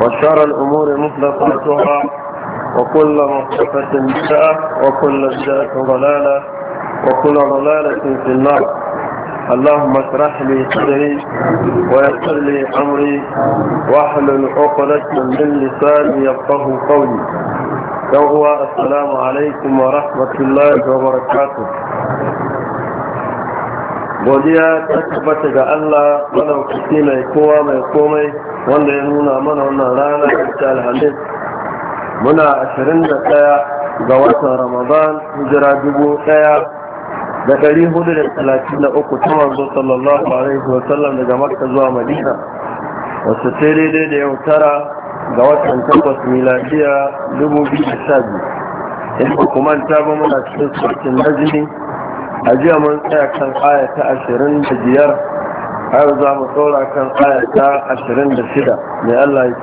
وشر الأمور محدثاتها وكل محدثة بدعة وكل بدعة ضلالة وكل ضلالة في النار اللهم اشرح لي صدري ويسر لي أمري واحلل عقدة من لساني يفقه قولي السلام عليكم ورحمة الله وبركاته godiya ta tabbata ga Allah madaukaki mai kowa mai komai wanda ya nuna mana wannan rana ta alhamis muna ashirin da ɗaya ga watan ramadan hijira dubu ɗaya da ɗari hudu da talatin da uku ta manzo sallallahu alaihi wa sallam daga makka zuwa madina wasu sai daidai da yau tara ga watan takwas miladiya dubu biyu da sha biyu in kuma ta ba muna cikin sarkin najini أجي من كان آية عشرين بجير أرضى مطولة كان آية عشرين بسيدة لألّا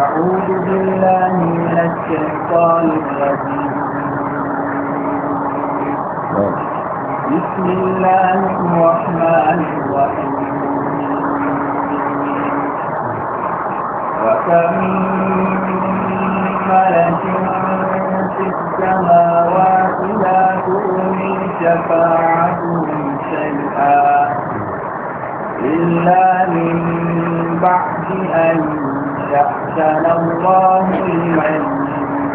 أعوذ بالله من الشيطان الرجيم بسم الله الرحمن الرحيم وكم من ملك في السماوات شفاعتهم شيئا إلا من بعد أن يأتن الله لمن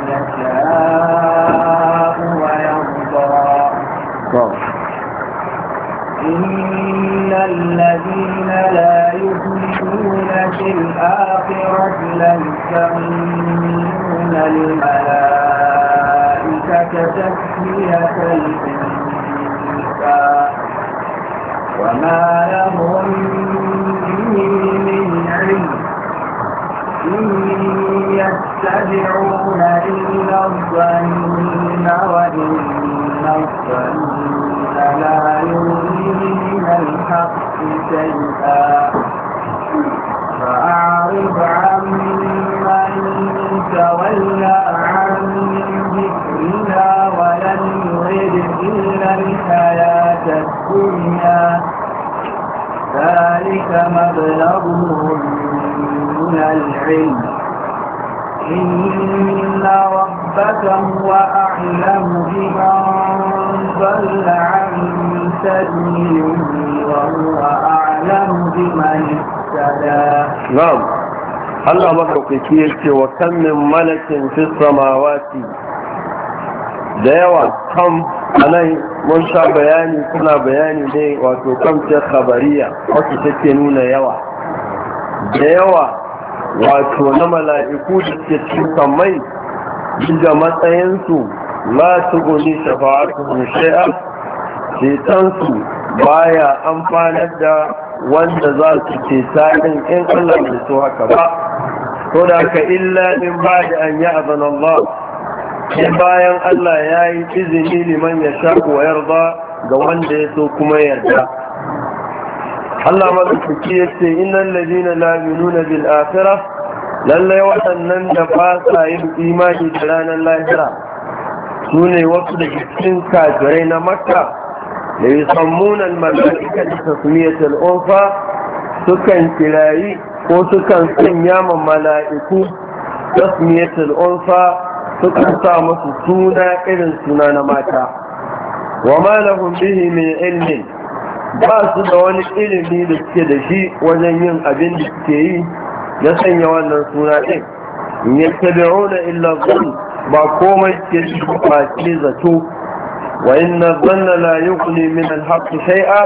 يشاء ويرضى إن الذين لا يؤمنون في الآخرة لن الملائكة تسمية الإنسان وما لهم به من علم إن يتبعون إلا الظن وإن الظن لا يغني من الحق شيئا فأعرض عمن تولى عن ذكرنا ولن يرد إلا الحياة الدنيا ذلك مبلغهم من العلم إن ربك هو أعلم بمن ضل عن سبيله وهو أعلم بمن اهتدى نعم Allah makaukaki ya ce wa kan min malakin fi samawati da yawa kam anan mun sha bayani suna bayani ne wato kam ce khabariya wato take nuna yawa da yawa wato na mala'iku da ke cikin mai daga matsayinsu la tuguni shafa'atu shay'a shetansu baya amfanar da wanda za su ce sa'in in Allah da su haka ba ko da ka illa in ba da an yi azan Allah in bayan Allah ya yi izini liman ya sha wa yarda ga wanda ya so kuma yarda Allah mazaukaki ya ce innan ladina la na bil lallai waɗannan da ba sa yin imani da ranar lahira su ne wasu da cikin kajirai na makka da yi sammunan mala'ika da tasmiyatul unfa sukan kirayi ko sukan sanya ma mala'iku tasmiyatul unfa sukan sa musu suna irin suna na mata wa ma lahum bihi min ba su da wani ilimi da suke da shi wajen yin abin da suke yi ya sanya wannan suna ɗin yattabi'una illa zun ba komai suke shi ba ce zato wa inna zanna la yuqni min al-haqq shay'a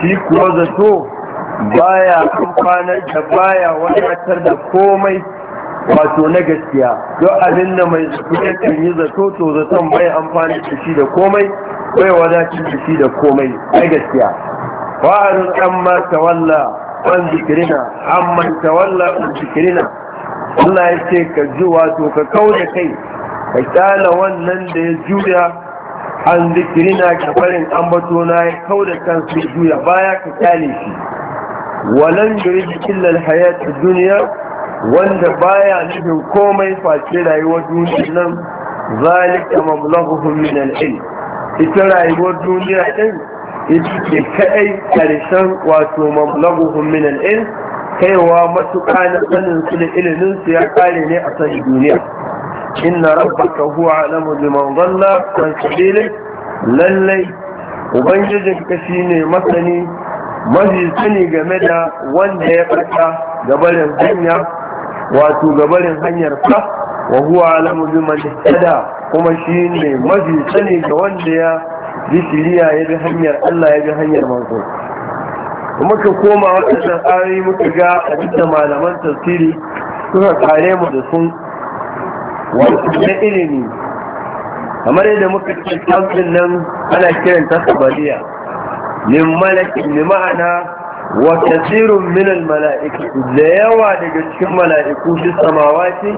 shi kuwa zato baya amfanar da baya wadatar da komai wato na gaskiya don abin da mai kuɗin yi zato to zaton bai amfani da shi da komai bai wadatar da shi da komai na gaskiya wa'arin an ma tawalla an zikirina an man tawalla an zikirina Allah ya ce ka ji wato ka kau da kai ka kyala wannan da ya juya an zikirina ka barin ambato na ya kau da kansu juya baya ka kyale shi walan yuridu illa alhayatu duniya, wanda baya nufin komai face rayuwar duniya nan zalika mablaghuhum min al ita rayuwar duniya din ita ke kadai karshen wato mablaghuhum min al kaiwa matuƙa na sanin su da ilimin su ya ƙare ne a sanin duniya إن ربك هو أعلم بمن ضل عن سبيله للي وبنجد كثير mafi sani game da wanda ya fata gabarin hanya wato gabarin hanyar ka wa huwa alamu bi man kuma shi ne mafi sani ga wanda ya bi shiriya ya bi hanyar Allah ya bi hanyar manzo ka koma waɗannan ayoyi muka ga a cikin malaman tafsiri suka kare mu da sun wasu na ilimi kamar yadda muka ce tamfin nan ana kiran ta sabaliya min malakin ne ma'ana wa kasirun min mala'iku da yawa daga cikin mala'iku shi samawati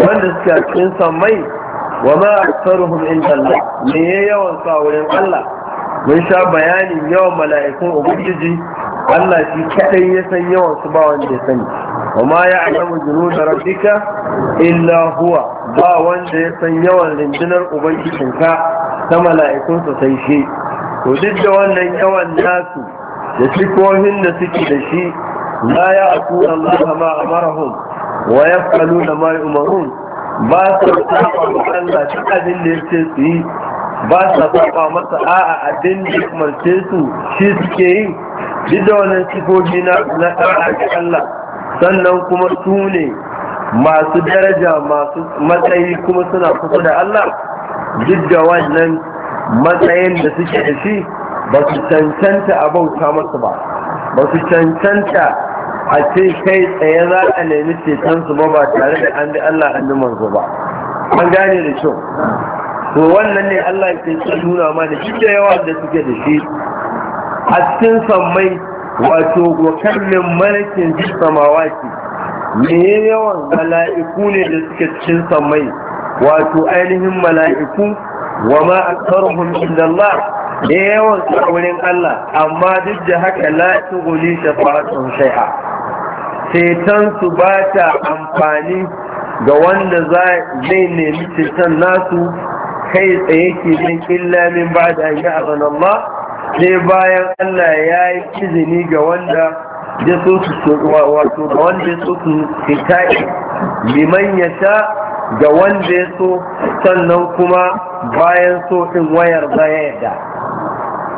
wanda suka cikin samai wa ma aksaruhum inda Allah me yawan sa wurin Allah mun sha bayanin yawan mala'ikun ubangiji Allah shi kadai ya san yawan su ba wanda ya sani وما يعلم جنود ربك إلا huwa. Ba wanda ya san yawan rundunar ubangijinka ta mala'ikunsa sai shi to duk da wannan yawan nasu da sifofin da suke da shi la ya aku Allah ma amarahum wa yafaluna ma yu'marun ba su saba Allah duk abin da yake su yi ba su saba masa a'a abin da umarce su shi suke yi duk da wannan sifofi na na Allah sannan kuma su ne masu daraja masu matsayi kuma suna kusa da Allah duk da wannan matsayin da suke da shi ba su cancanta a bauta masu ba ba su cancanta a ce kai tsaye za a nemi cetonsu ba ba tare da an bi Allah an manzo ba an gane da kyau to wannan ne Allah ke nuna ma da shi da yawa da suke da shi a cikin sammai wato wa kallin malakin jin samawati me yawan mala'iku ne da suke cikin samai wato ainihin mala'iku wa ma aktsaruhum inda Allah yawan su wurin Allah amma duk da haka la tughni shafa'atun shay'a ceton su ba ta amfani ga wanda zai nemi ceton nasu kai tsaye ke min illa min ba da yi Allah sai bayan Allah ya yi izini ga wanda ya so su wato ga wanda ya so su fita'i liman ya sa ga wanda ya so sannan kuma bayan so ɗin wayar zaya yadda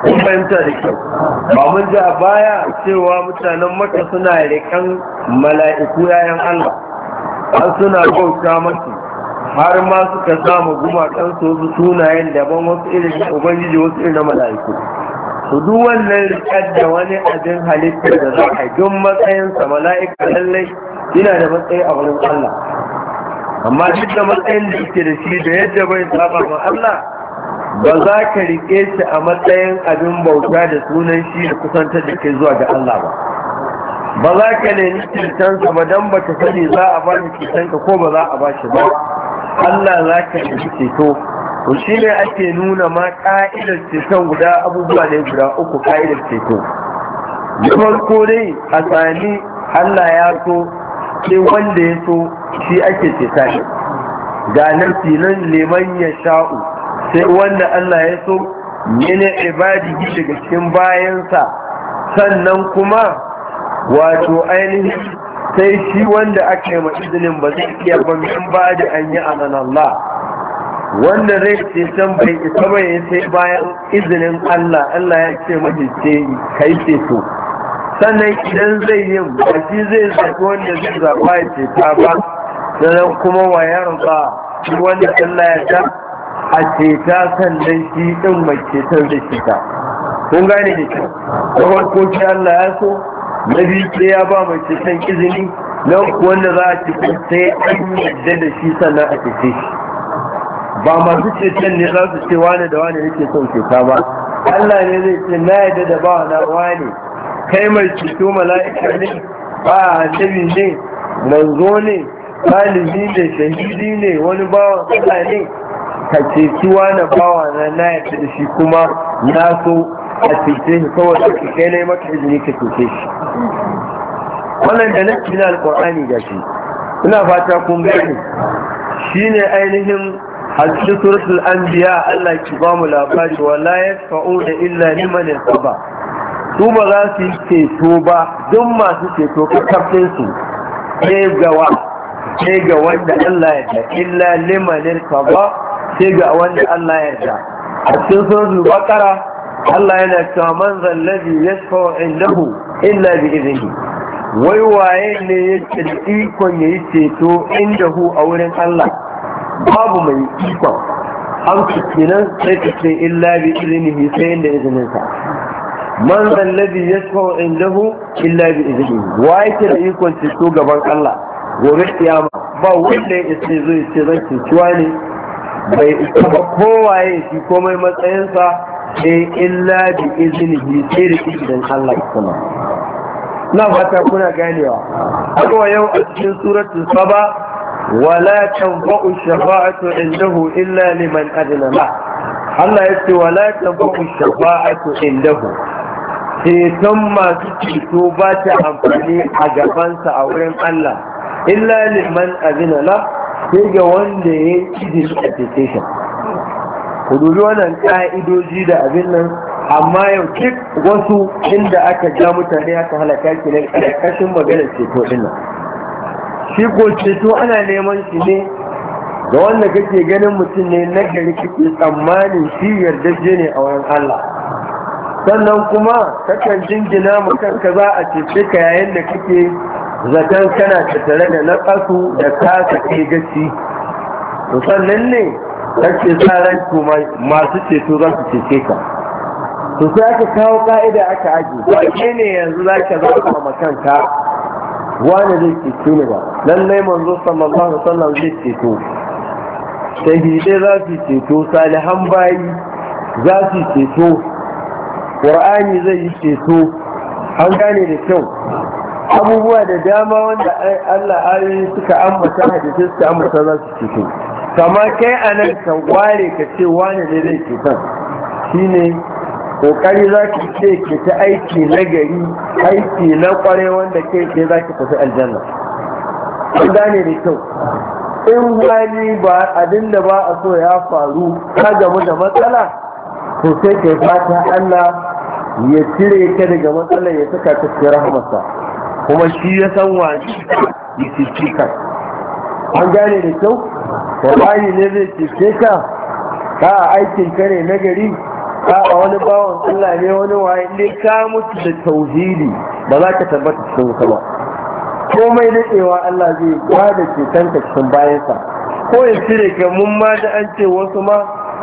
kun bayanta da kyau ba mun ji a baya cewa mutanen maka suna rikan mala'iku yayan Allah an suna bauta masu har ma suka samu gumakansu su sunayen daban wasu irin ubangiji wasu irin na mala'iku hudu wannan rikar da wani abin halitta da za a duk matsayinsa mala'ika lallai yana da matsayi a wurin Allah amma duk da matsayin da yake da shi da yadda bai saba ma Allah ba za ka rike shi a matsayin abin bauta da sunan shi da kusantar da kai zuwa ga Allah ba ba za ka nemi kirtansa ba don ba sani za a ba shi ko ba za a ba shi ba Allah za ka nemi ceto to shi ne ake nuna ma ka'idar ceton guda abubuwa ne guda uku ka'idar ceto da farko dai a tsani Allah ya so sai wanda ya so shi ake ceta ne ga nafi nan neman ya sha'u sai wanda Allah ya so yana ibadihi daga cikin bayansa sannan kuma wato ainihin sai shi wanda aka yi izinin ba zai iya ban ba da an yi Allah wanda zai ce can bai isa ba ya sai bayan izinin Allah Allah ya ce mace ce kai ce to sannan idan zai yi ba shi zai zaɓi wanda zai zaɓa ya ce ta ba sannan kuma ya rufa shi wanda Allah ya ta a ce ta sannan shi ɗin mace ta zai shi ta kun gane da kyau da farko shi Allah ya so na biyu ya ba mace can izini na wanda za a ce sai an yadda da shi sannan a ce shi ba masu ceton ne za su ce wane da wane yake son ceta ba Allah ne zai ce na yadda da ba na wane kai mai ceto mala'ika ne ba a annabi ne manzo ne talibi ne shahidi ne wani bawan Allah ne ka ceci wane bawa na na yadda da shi kuma na so a cece shi kawai da kai na yi maka izini ka cece shi wannan da nan cikin alƙur'ani ga shi ina fata kun gani shine ainihin a cikin an biya Allah ki ba mu labari wala da illa liman yasaba su ba za su yi ceto ba don masu ceto kafin su sai ga sai ga wanda Allah ya da illa liman sai ga wanda Allah ya da a cikin suratul baqara Allah yana cewa man zallazi yasfa'u indahu illa bi idnihi wai waye ne ya ikon ya yi ceto inda hu a wurin Allah babu mai ikon amsa kenan sai ka ce illa bi izinihi sai da izininsa man labi ya tsawo indahu illa bi izinihi wa yake da ikon ceto gaban Allah gobe kiyama ba wanda ya isa zai ce zan cewa ne bai isa ba kowaye shi komai matsayinsa sai illa bi izinihi sai da izinin Allah kuma na fata kuna ganewa Kowa yau a cikin suratun saba ولا تنفع الشفاعة عنده إلا لمن أذن له الله يقول ولا تنفع الشفاعة عنده ceton masu ceto ba ta amfani a gabansa a wurin Allah illa liman azinala sai ga wanda ya yi izini a cetation ku dubi wannan ka'idoji da abin nan amma yau duk wasu inda aka ja mutane aka halaka ke nan ƙarƙashin maganar ceto ɗin shi ko ceto ana neman shi ne ga wanda kake ganin mutum ne na gari kake tsammanin shi yardaje ne a wurin Allah sannan kuma kakan jingina mutum ka za a cece ka yayin da kake zaton kana tattare da naƙasu da ta kai gaci sannan ne kake sa ran masu ceto za su cece ka to sai aka kawo ka'ida aka aji ba ne yanzu za ka zama makanka wani zai ceto ne ba lallai manzo sallallahu alaihi wasallam zai ceto shahidai za su ceto salihan bayi za su ceto ƙur'ani zai yi ceto an gane da kyau abubuwa da dama wanda Allah ayoyi suka ambata hadisi suka ambata za su ceto kama kai anan ka ware ka ce wani zai ceton shine kokari za ki ce ki ta aiki na gari aiki na kware wanda ke ke za ki tafi aljanna kun gane da kyau in wani ba abin da ba a so ya faru ka gamu da matsala to sai ke fata Allah ya cire ka daga matsalar ya saka ta cikin rahmasa kuma shi ya san wani ya cici ka an gane da kyau wani ne zai cice ka ka aikin kare ne na gari A'a, wani bawan Allah ne wani waye ne ka mutu da tauhidi ba za ka tabbata cikin wuta ba komai daɗewa Allah zai ba da cetonka cikin bayansa ko ya cire ka mun ma da an ce wasu ma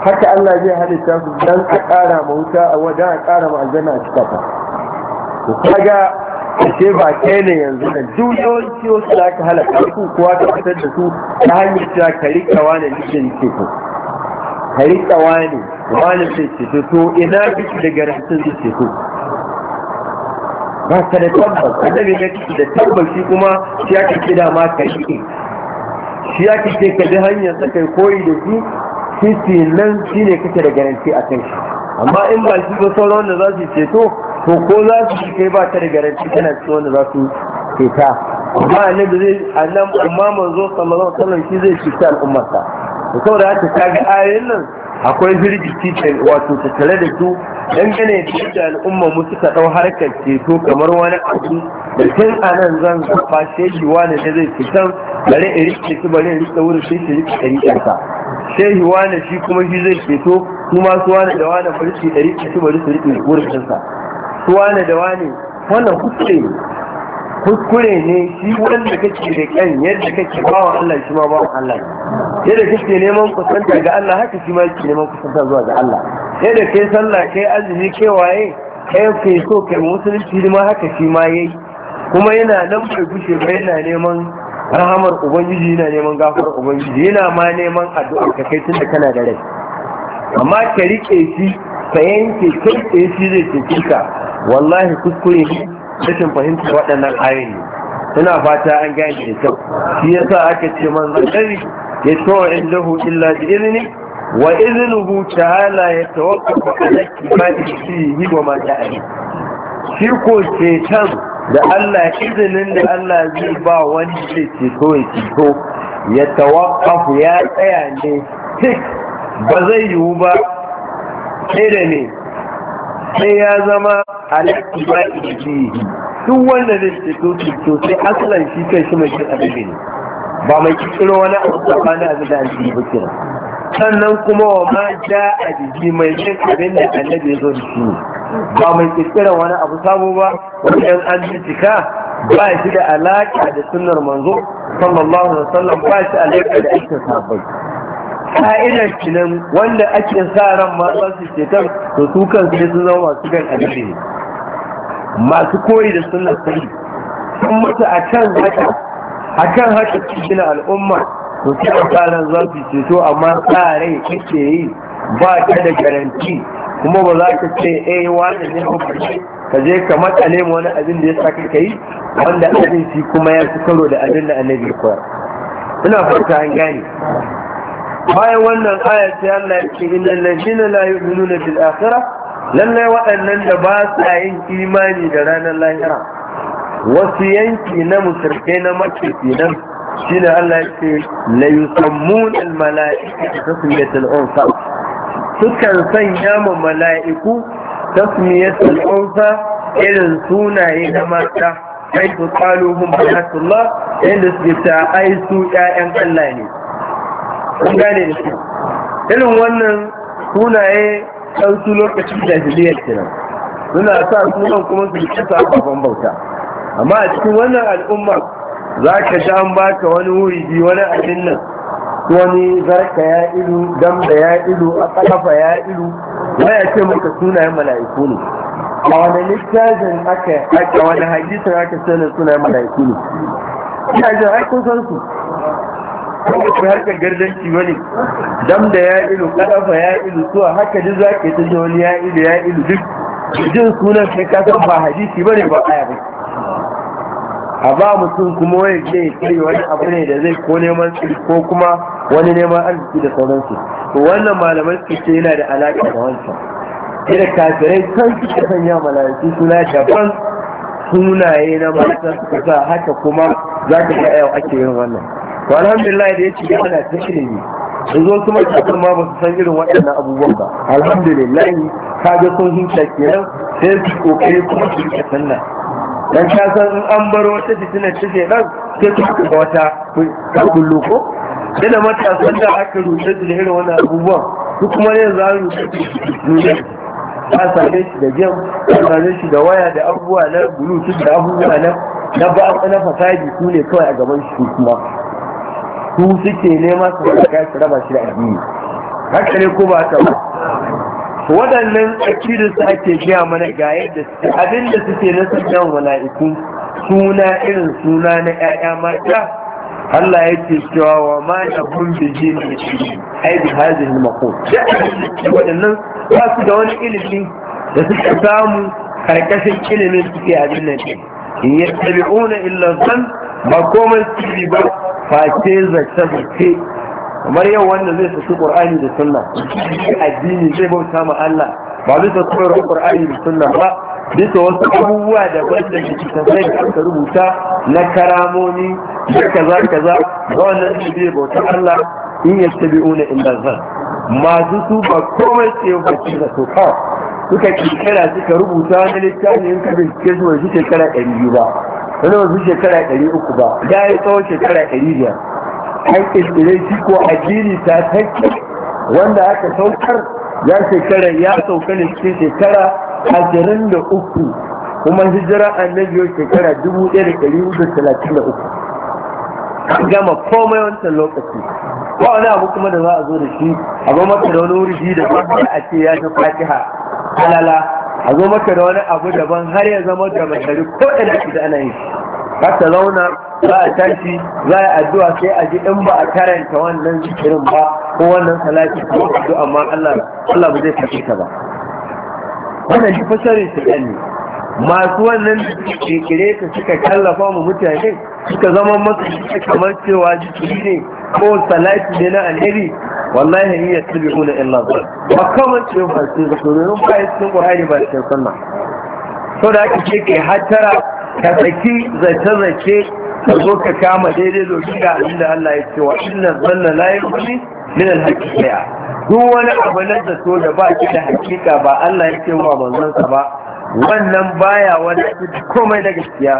haka Allah zai halitta su dan a ƙara ma wuta a wajen a ƙara ma aljanna a cika ta kaga ke ba kai ne yanzu da duk ciwo su da aka halaka su kuwa ka fitar da su ta hanyar cewa ka ne wani ke ku ka riƙa wani wani sai ceto to ina kiki da garantin zai ceto ba ka da tabbas annabi ya kiki da tabbas shi kuma shi ya kike da ma ka yi shi ya kike ka ji hanyar sa kai koyi da shi kiki nan shi ne kake da garanti a kan shi amma in ba shi ba sauran wanda za su ceto to ko za su shi kai ba ta da garanti kana cikin wanda za su ceta amma annabi zai annabi amma manzo sallallahu alaihi wasallam shi zai ceta al'ummarsa da saboda haka ta ayoyin nan akwai firgici wato tattare da su gane da yadda al'umma mu suka ɗau harkar ceto kamar wani abu da tun a nan zan zafa shehi wani da zai fitan bare in rike shi bare in rike wurin shi shi rike ɗari shehi wani shi kuma shi zai ceto su ma su wani da wani bari su ɗari su bari su rike wurin ɗansa su wani da wani wannan kuskure ne kuskure ne shi wanda kake da kyan yadda kake wa Allah shi ma wa Allah yadda kake neman kusanta ga Allah haka shi ma yake neman kusanta zuwa ga Allah yadda kai sallah kai azumi kai waye kai kai so kai musulunci ma haka shi ma yayi kuma yana nan bai gushe ba yana neman rahamar ubangiji yana neman gafar ubangiji yana ma neman addu'a ka kai tunda kana da rai amma ka rike shi ka yanke kai tsaye shi zai cece ka wallahi kuskure ne cikin fahimtar waɗannan ne. ina fata an gani da kyau shi ya sa aka ce manzon kari ya in lahu illa bi izini wa Ta hala ya tawaqqafu da shi yi wa mata ta'ali shi ko ceton da Allah izinin da Allah zai ba wani ce ceto ya ceto ya tawaqqafu ya tsaya ne tik ba zai yiwu ba sai da ne sai ya zama alaƙi ba iji duk wanda zai ce to to sai asalan shi kai shi mai kin abin ne ba mai kiro wani abu tsakanin abin da an ci ba kira sannan kuma wa ma ja a jiki mai kin abin da annabi ya zo da shi ba mai kira wani abu sabo ba wajen an bincika ba shi da alaƙa da sunnar manzo sallallahu alaihi wasallam ba shi alaƙa da aikin sahabbai ka'idar kinan wanda ake sa ran masu su cetar to su kan sai sun zama masu kan annabi ne masu koyi da suna sai sun mutu a kan haka a kan haka cikin al'umma to su kan sa ran za su ceto amma sa rai kake yi ba ka da garanti kuma ba za ka ce eh wani ne ko ka je ka matsale mu wani abin da ya saka ka yi wanda abin shi kuma ya fi karo da abin da annabi ya koyar ina fata an gane bayan wannan ayar sai Allah ya ce innal ladina la yu'minuna bil akhirah lallai waɗannan da ba sa yin imani da ranar lahira wasu yanki na musulmai na mace shi ne Allah ya ce la yusammun al malaika mala'ikata tasmiyatul unsa sukan sanya ma mala'iku tasmiyatul unsa irin sunaye na mata kai su qalu hum inda su ta ai su ƴaƴan Allah ne kun gane da shi, irin wannan sunaye ɗauki lokacin jahiliyar kenan suna sa sunan kuma su ci sabon bauta amma a cikin wannan al'umma za ka sha an baka wani wuri biyu wani abin nan wani zarka ya ilu dam ya ilu a kalafa ya ilu waya ce maka sunayen mala'iku ne a wani littafin aka aka wani hadisin aka sanar sunayen mala'iku ne ina jin ai san su kuma ku harkar gardanci wani dam da ya ilu kadafa ya ilu to haka duk za ka yi wani ya ilu ya ilu duk jin sunan sai ka san ba hadisi bane ba aya ba a ba mutum kuma wai ya kai wani abu ne da zai ko neman tsiri ko kuma wani neman arziki da sauransu to wannan malamai su ce yana da alaƙa da wancan sai da kafirai kan su ka sanya malamai suna daban sunaye na mata suka sa haka kuma za ka ga yau ake yin wannan to alhamdulillah da yake ya ana ta ilimi in zo su matakan ma ba su san irin waɗannan abubuwan ba alhamdulillah ka ga sun hinta kenan sai su kokari kuma su rika sannan dan ka san in an bar wata fitina ta shedan sai ta ga wata ta kullu ko yana matasan da aka rushe su da irin wannan abubuwan su kuma yanzu an rushe su ta same shi da jam ta same shi da waya da abubuwa na bluetooth da abubuwa na na ba na fasadi su ne kawai a gaban shi kuma su suke nema su halaka su raba shi da addini haka ne ko ba ta ba waɗannan tsakirin su ake gaya mana ga yadda suke abin suke na sanyan mala'iku suna irin suna na 'ya'ya mata Allah ya ce cewa wa ma da kun bi jini ai bi hazin mako waɗannan ba su da wani ilimi da suka samu karkashin ilimin suke abin nan in yattabi'una illa zan ba komai su ba face zace-zace kamar yau wanda zai saki ƙur'ani da sunna addini zai bauta ma Allah ba zai koyarwa ƙur'ani da sunna ba bisa wasu abubuwa da wanda littattafai da aka rubuta na karamomi da kaza kaza ga wannan zai zai bauta Allah in yattabi'una illa zan masu su ba komai ce ba ce da to kawai suka kekara suka rubuta wani littafi in ka bincike su wasu shekara ɗari biyu ba wani wasu shekara ɗari uku ba ya yi tsawon shekara ɗari biyar an ƙirƙirai shi ko addini ta takke wanda aka saukar ya shekara ya sauka ne cikin shekara ashirin da uku kuma hijira annabi yau shekara dubu ɗaya da ɗari da talatin da uku gama komai wancan lokaci ba wani abu kuma da za a zo da shi a zo maka da wani wuri da ba a ce ya ta fatiha alala a zo maka da wani abu daban har ya zama da mashari ko da ake da ana yi Ba ta zauna za a tashi za a addu'a sai a ji in ba a karanta wannan zikirin ba ko wannan salati ko addu'a amma Allah Allah ba zai tafi ta ba wannan shi fasarin shi ne masu wannan jikire ta suka tallafa mu mutane suka zama masu kamar cewa jikiri ne ko salati ne na alheri wallahi hiya hula illa dhal ba kamar cewa ba su da domin ba cikin qur'ani ba cikin sannan so da ake ce ke hattara ka saki zace zace ka zo ka kama daidai domin ga abin da Allah ya ce wa inna zanna la yughni min al-haqiqa duk wani abu na zato da ba ki da hakika ba Allah ya ce wa manzon sa ba wannan baya wani komai da gaskiya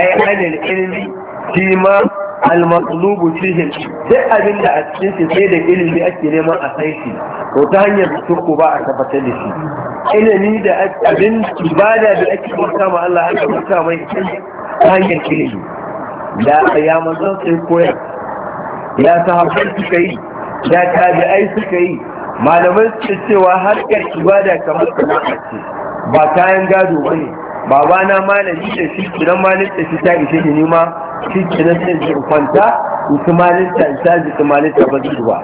ai anil ilmi shi ma al-matlubu fihi Sai abin da a cikin shi sai da ilimi ake neman a sai shi to ta hanyar tuku ba a tabbatar da shi ilimi da abin ibada da ake kuma kama Allah haka bauta mai ta hanyar ilimi da ya manzon sai koyar ya sahabbai suka yi ya tabi'ai suka yi malamai suke cewa harkar da kamar sana'a ce ba kayan gado ba ne babana malami da shi kiran malin da shi ta ishe ni ma shi kiran sai in kwanta su malin ta isa ji su malin ta ba zuwa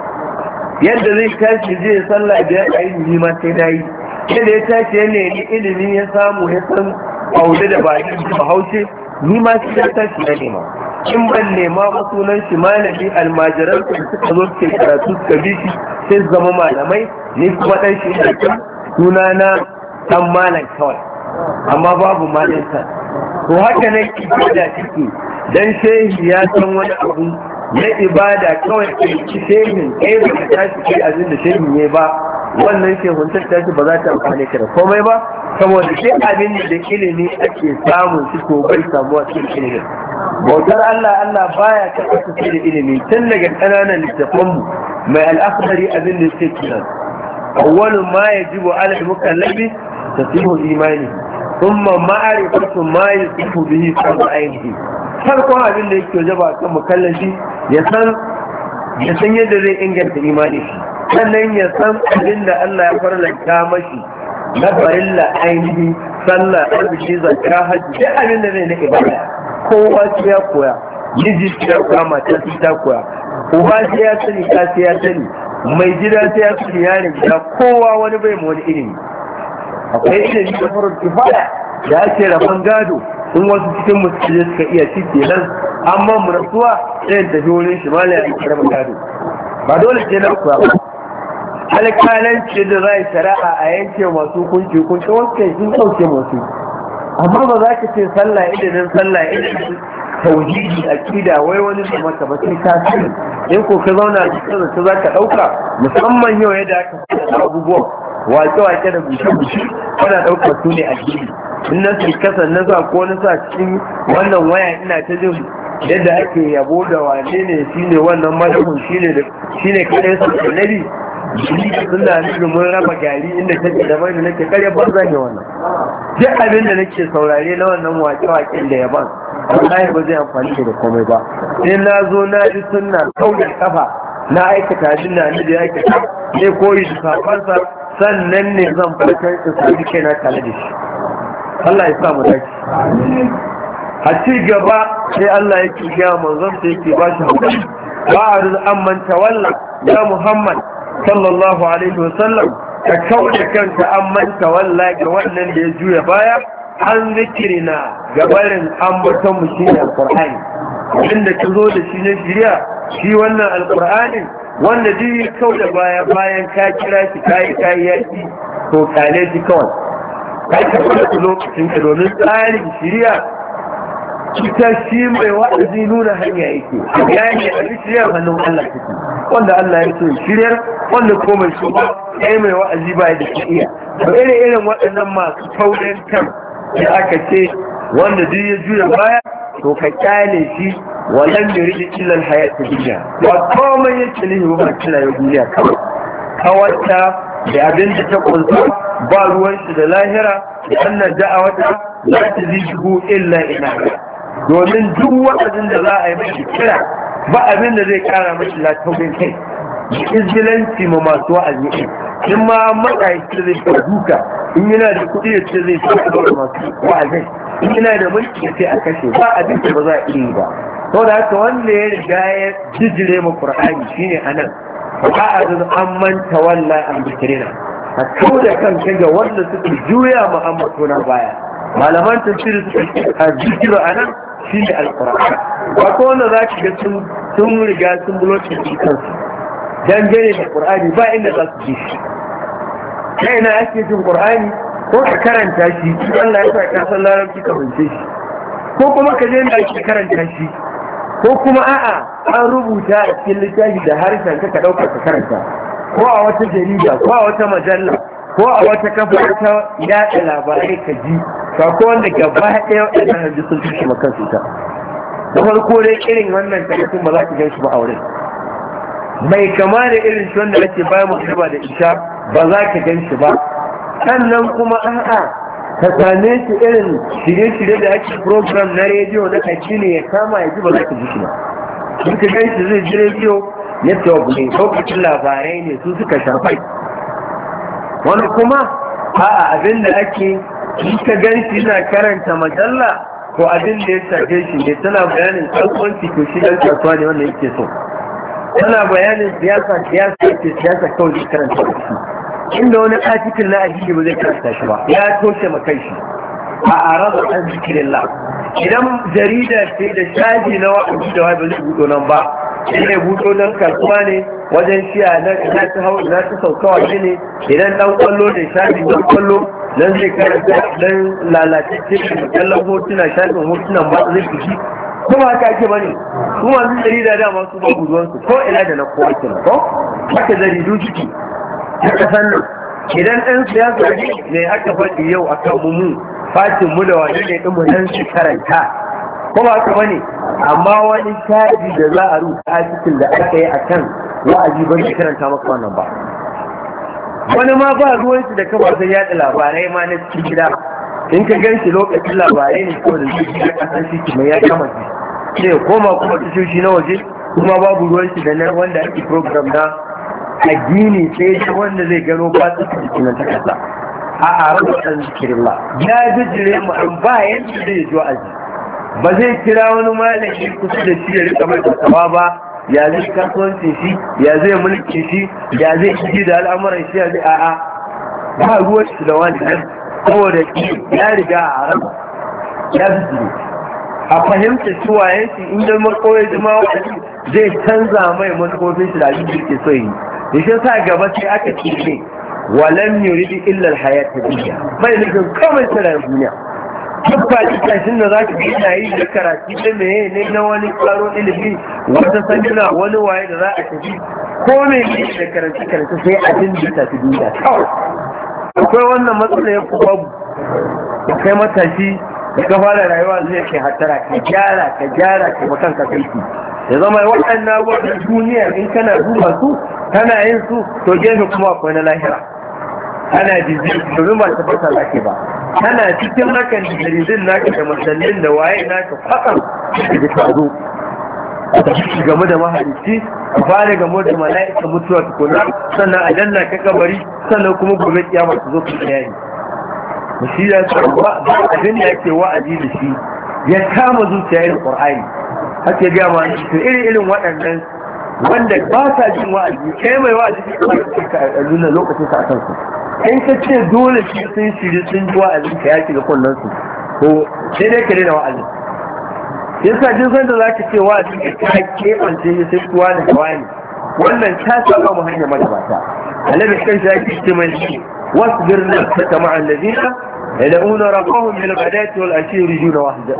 yadda zai tashi zai sallah da a yi ni ma sai na yi yadda ya tashi ya nemi ilimin ya samu ya san aure da ba a haushe ni ma sai ya tashi na nema in ban nema ba sunan shi malami almajiran su suka zo ke karatu suka bi shi sai zama malamai ni kuma dan shi da suna na dan malam kawai amma babu malam sa to haka ne da take dan shehi ya san wani abu na ibada kawai ke ci shehin kai ba ka tashi kai abin da shehi ne ba wannan shehun ta tashi ba za ta amfane ka da komai ba saboda shi abin da ilimi ake samun shi ko bai samuwa cikin ilimin bautar Allah Allah baya ta kasance da ilimi tun daga ƙananan littafanmu mai al'akari abin da suke kiran awwalun ma yajibu ala mukallabi tasihu imani ثم معرفة ما يصف به فرض عينه farkon abin da yake jaba kan mukallafi ya san ya san yadda zai inganta imani sannan ya san abin da Allah ya farlanta mashi na barilla ainihi sallah arziki zakka hajji duk abin da zai na ibada kowa sai ya koya miji su ya koya mata su ta koya uba sai ya sani ta sai ya sani mai gida sai ya sani ne gida kowa wani bai ma wani ilimi akwai ilimi da farar kifaya da ake rabon gado in wasu cikin musulmi suka iya ci nan amma mu rasuwa sai tafi wurin shi ma cikin karɓa gado ba dole sai na koya ba alƙalanci da za yi shari'a a yanke masu kunci kunci wasu sun sauke masu amma ba za ka ce sallah idanun sallah idanun tauhidi kida? wai wani su maka ba sai tasiri in ko ka zauna a cikin da za ka ɗauka musamman yau yadda aka fi da abubuwan wake-wake da bushe-bushe Kana ɗauka su ne addini in na su kasa na sa ko na sa cikin wannan waya ina ta jin yadda ake yabo da wane ne shine wannan malakun shine shine kadai sa annabi jini da suna nufin mun raba gari inda take da mai da nake karya zan yi wannan duk abin da nake saurare na wannan wake-waken da ya yaban wallahi ba zai amfani da komai ba sai na zo na ji sunna kaunar kafa na aikata abin da annabi ya aikata zai koyi da sabansa sannan ne zan farkar da su duke na tare da shi Allah ya sa mu dace a ci gaba sai Allah ya ci gaya manzon sai yake ba shi hakuri ba a rizan manta walla ya Muhammad sallallahu alaihi wasallam ka kauce kanka an manta walla ga wannan da ya juya baya an na ga barin ambaton mu shine alqur'ani inda ka zo da shi na shirya shi wannan alqur'ani wanda duk ya da baya bayan ka kira shi kai kai ya ci to kale shi kawai kai ka fara lokacin ka domin tsarin shirya ita shi mai wa'azi nuna hanya yake ya yi a shiryar hannun Allah take wanda Allah ya so shiryar wanda ko mai shi mai wa'azi ba da shi iya to irin irin waɗannan masu taurin kan da aka ce wanda duk ya juya baya to ka kyale shi walan da rike illan hayata duniya ba komai ya ce ne ba kila ya duniya kawai kawarta da abin da ta kunsa ba ruwan shi da lahira da annan da'awata la tazidu illa ina domin duk wa'azin da za a yi mashi kira ba abin da zai kara mashi lafiyar kai izilanci ma masu wa'azi in ma matsa ya ce zai kai duka in yana da kudi ya ce zai kai da masu wa'azi in yana da mulki ya ce a kashe ba abin da ba za a iya ba to da haka wanda ya riga ya jijire ma qur'ani shine anan ba a zan an manta walla an bikirina a kau da kanka ga wanda suka juya muhammadu na baya malaman tafsir suka a jikiru anan shi ne alkur'ani ba ko wanda za ki ga sun riga sun buloci su kansu dan gane da qur'ani ba inda za su ji shi kai na ake jin qur'ani ko ka karanta shi Allah ya sa ka san larabci ka bince shi ko kuma ka je inda ake karanta shi ko kuma a'a an rubuta a cikin littafi da harshen ka ka dauka ka karanta ko a wata jarida ko a wata majalla ko a wata kafa ta yaɗa labarai ka ji ba ko wanda gaba ɗaya waɗannan hajji sun fi shi makan cuta da farko dai irin wannan karatun ba za ki gan shi ba a wurin mai kama da irin shi wanda ake bayan magriba da isha ba za ka gan shi ba sannan kuma a'a ka same shi irin shirye-shirye da ake program na rediyo na kaci ne ya kama ya ji ba za ka ji shi ba duk gan shi zai ji rediyo ya tawabu ne lokacin labarai ne su suka shafai wani kuma a'a abin da ake ka gan shi yana karanta majalla ko abin da ya shafe shi ne tana bayanin kasuwanci to shi dan kasuwa ne wanda yake so tana bayanin siyasa siyasa ke siyasa kawai zai karanta shi inda wani article na ajiye ba zai karanta shi ba ya toshe makai shi a arar an zikirillah idan jarida ce da shaji na shi da wai ba zai buɗo nan ba ne buɗo nan kasuwa ne wajen shiya ina ta hau ina ta saukawa shi ne idan ɗan kwallo da shaji ɗan kwallo nan zai karanta ɗan ce da kallon hotuna shafin hotunan ba zai fushi kuma haka ake bane su masu jarida da masu ba guzuwansu ko ina da na kowa ke ko haka jaridu suke haka sannan. idan ɗan siyasa ne mai aka faɗi yau a kan mu fatin mu da wani ne ɗinmu nan shi karanta ko ba su bane amma wani tari da za a rubuta cikin da aka yi a kan wa'azi ban shi karanta maka wannan ba wani ma ba shi da ya yaɗa labarai ma na cikin gida in ka gan shi lokacin labarai ne ko da shi na kasar shi mai ya kama shi sai koma kuma shi na waje kuma babu shi da nan wanda ake program na gini sai wanda zai gano ba su cikin ta kasa a aron zikirin Allah. ya bijire mu an ba yanzu zai zo aji ba zai kira wani malami kusa da shi ya rika mai tattawa ba ya zai kasuwanci shi ya zai mulki shi ya zai shi da al'amuran shi ya zai a'a ba ruwa shi da wani wannan saboda ya riga a aron ya bijire a fahimta cewa yanci inda makawai zama wani zai canza mai manufofin shi da abin da ke so yi da sa gaba sai aka ce walam yuridi illa alhayata dunya bai nufin kawai tsara duniya duk faɗi da za ka gina yi da karatu da meye ne na wani tsaro ilimi wata sanduna wani waye da za a tafi ko mai ne da karatu karatu sai a abin da tafi duniya akwai wannan matsala ya ku babu da kai matashi ya ka fara rayuwa zai kai hattara ka gyara ka gyara ka makan ka kai ya zama waɗannan abubuwan duniya in kana duba su kana yin su to gefe kuma akwai na lahira ana jizgi domin ba tabbata za ke ba Tana cikin hakan jirgin naka da masallin da waye naka fakan da ji faru a tafi game da mahalicci a fara game da mala'ika mutuwa tukuna sannan a janna ka kabari sannan kuma gobe kiyama su zo ka bayani shi ya tsarwa da abin da ake wa'azi da shi ya kama zuciya da qur'ani hake ga ma irin irin waɗannan wanda ba sa jin wa'azi kai mai wa'azi ka a nuna lokacin ka a su. in ka ce dole shi sun shiri sun ji wa'azi ka yaki da kullun su ko sai dai ka daina wa'azi yasa jin san da zaka ce wa'azi ka ka kebance shi sai kuwa da wani wannan ta saba mu hanya mata ba ta annabi kan shi yake ce mai wasbir nafsaka ma'al ladina yad'una rabbahum bil ghadati wal ashi yurjuna wahda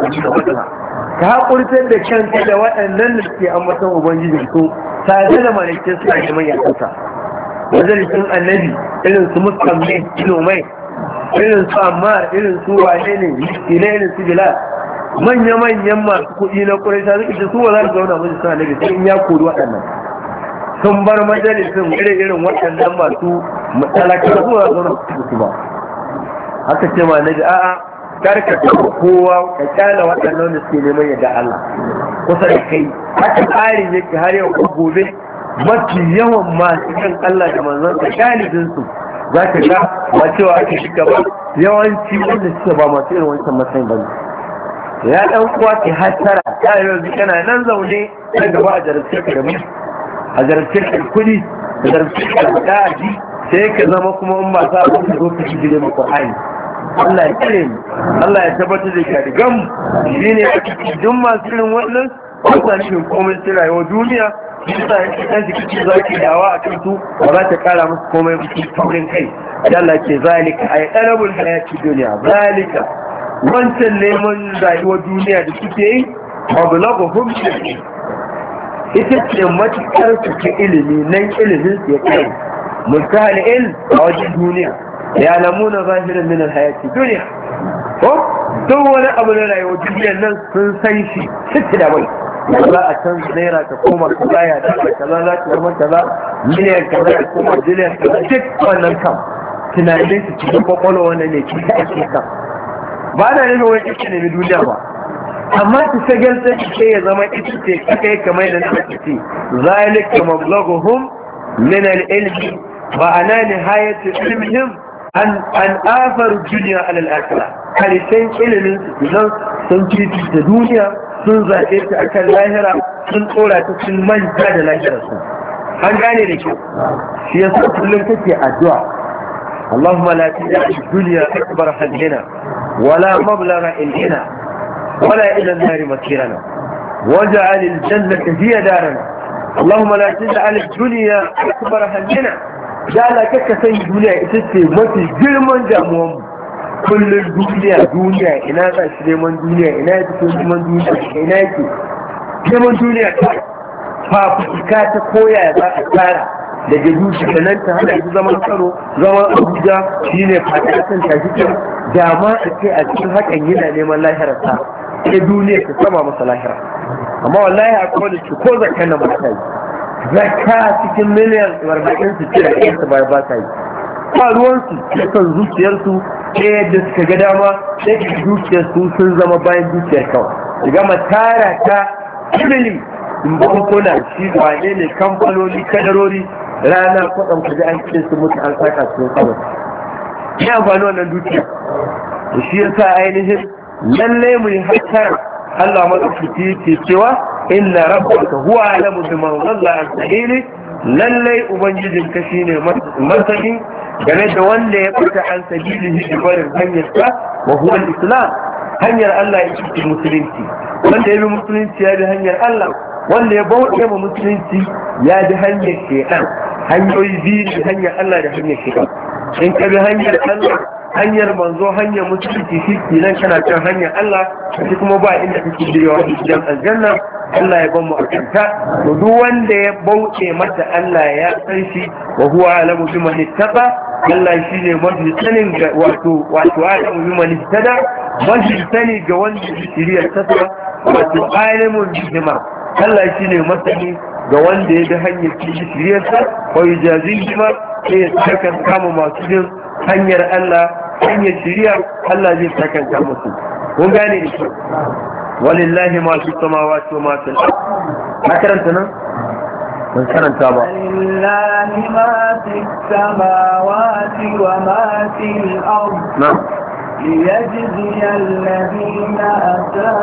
ka hakurtar da kanka da waɗannan da ke suke ambaton ubangiji su tare da malakin suna neman yakuta majalisin annabi irin su musamman mai, irin su ammar irin su wane ne na irin su bilal manya-manyan masu kuɗi na ƙuraita suka ce su ba za su zauna majalisun annabi sai in ya kori waɗannan sun bar majalisin irin irin waɗannan masu matsalaka su ba za su zauna su ba haka ce ma nabi a'a karka kowa ka kyala waɗannan da suke neman yadda Allah kusa da kai haka tsarin yake har yau ko gobe mafi yawan masu kan Allah da manzansa galibinsu za ka ga ba cewa ake shiga ba yawanci wanda suke ba masu irin wancan matsayin ba ya ɗan kuwa ke hasara ta yanzu kana nan zaune ta gaba a jarabce ka da a jarabce ka kuɗi a jarabce ka da ji sai ka zama kuma in ba sa a ka zo ka shi gida ma Qur'ani Allah ya kare mu Allah ya tabbatar da ka diga shi ne a cikin duk masu irin wannan wata ne komai sai rayuwar duniya yasa ya kan shi ci za ki dawa a kansu ba za ta kara musu komai musu taurin kai Allah ke zalika ay talabul hayati duniya zalika wancan neman rayuwar duniya da suke yi mablaghum ita ce matukar su ilimi nan ilimin su ya kai mustahil ilm a wajen duniya ya lamuna zahirin min alhayati duniya ko duk wani abu na rayuwa duniyar nan sun san shi sitti da bai za a canza naira ta koma kaza ya da kaza za ta zama kaza miliyan kaza ta koma miliyan kaza duk wannan kam tunanin su cikin kwakwalwa wannan ne ki ta ake kan ba na nufin wani duniya ba amma su shagal sai ya zama ita ce kaka yi kamar da ilmi ma'ana ne ilmihim an an afar duniya alal akhirah halittai ilimin sun titi da duniya sun zaɓe ta akan lahira sun tsora ta sun manta da lahira su an gane da kyau shi yasa kullum kake addu'a اللهم لا تدع الدنيا أكبر همنا Wala مبلغ علمنا ولا إلى النار مكيرنا واجعل الجنة هي دارنا اللهم لا تجعل الدنيا أكبر همنا da ala kaka sani duniya ita ce mafi girman damuwan kullum duniya duniya ina za shi neman duniya ina ya fito neman duniya ina yake neman duniya fafuka ta koya za a tsara daga da nan ta hana su zaman tsaro zaman abuja shi ne ta tashi da dama a ce a cikin hakan yana neman lahirarsa ta duniya ta sama masa lahira amma wallahi a kowane ko zakan na matayi zaka cikin miliyan arba'in su da ɗaya su bai ba ta yi ba ruwansu da kan zuciyarsu ke da suka ga dama sai ka zuciyarsu sun zama bayan zuciyar kawai su gama tara ta ilimi kuna shi ba ne ne kamfanoni kadarori rana kwaɗan kaji an ce su mutu an saka su kawai ya amfani wannan dukiya da shi yasa ainihin lallai mu yi hakkar Allah maɗaukaki ke cewa inna rabbaka huwa alamu biman dhalla an sabili lallai ubangijin ka shine masani game da wanda ya fita an sabili shi barin hanyar sa wa huwa islam hanyar Allah ya ci musulunci wanda ya bi musulunci ya bi hanyar Allah wanda ya bauta ma musulunci ya bi hanyar shaytan hanyoyi biyu hanyar Allah da hanyar shaytan in ka bi hanyar Allah hanyar manzo hanyar musulunci shi nan kana kan hanyar Allah shi kuma ba inda kake jirewa idan aljanna Allah ya bamu akanta to duk wanda ya bauce mata Allah ya san shi wa huwa alamu bi man ittaba Allah shi ne mafi sanin ga wato wato alamu bi man ittada mafi sani ga wanda shiriyar tasara wato alimun Hikima? Allah shi ne masani ga wanda ya bi hanyar cikin ko yi jazin bihima sai ya sakan kama masu jin hanyar Allah hanyar shiriya Allah zai sakan kama su kun gane da shi walillahi ma fi samawati masu Na karanta nan Ban karanta ba. walillahi masu في السماوات masu في ليجزي الذين أساءوا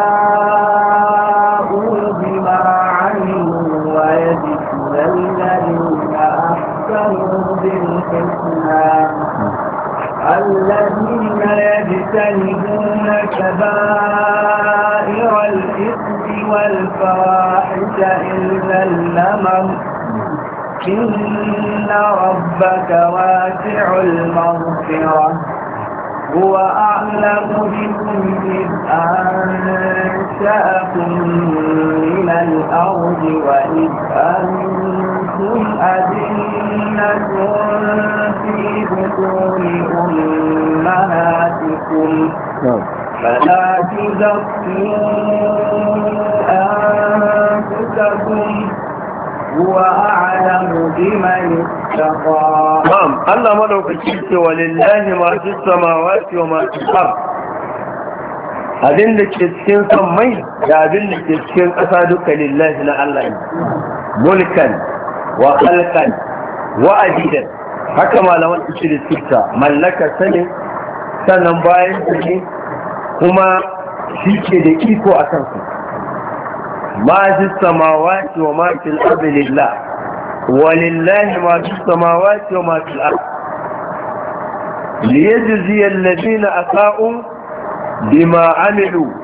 بما عملوا ويجزي الذين أحسنوا بالحسنى الذين يجتنبون كبائر الإثم والفواحش إلا اللمم إن ربك واسع المغفرة هو أعلم بكم إذ أنشأكم من الأرض وإذ أنتم أجنة في بطون أمهاتكم فلا تزكوا أنفسكم هو أعلم بمن اتقى نعم الله ملوك الشرك ولله ما ke cikin son mai da abinda ke cikin ƙasa duka lillahi na Allah ne mulkan wa halkan wa ajidan haka malaman su da suka mallaka sani sannan bayan su ne kuma shi ke da iko a kansu ما في السماوات وما في الأرض لله ولله ما في السماوات وما في الأرض ليجزي الذين أساءوا بما عملوا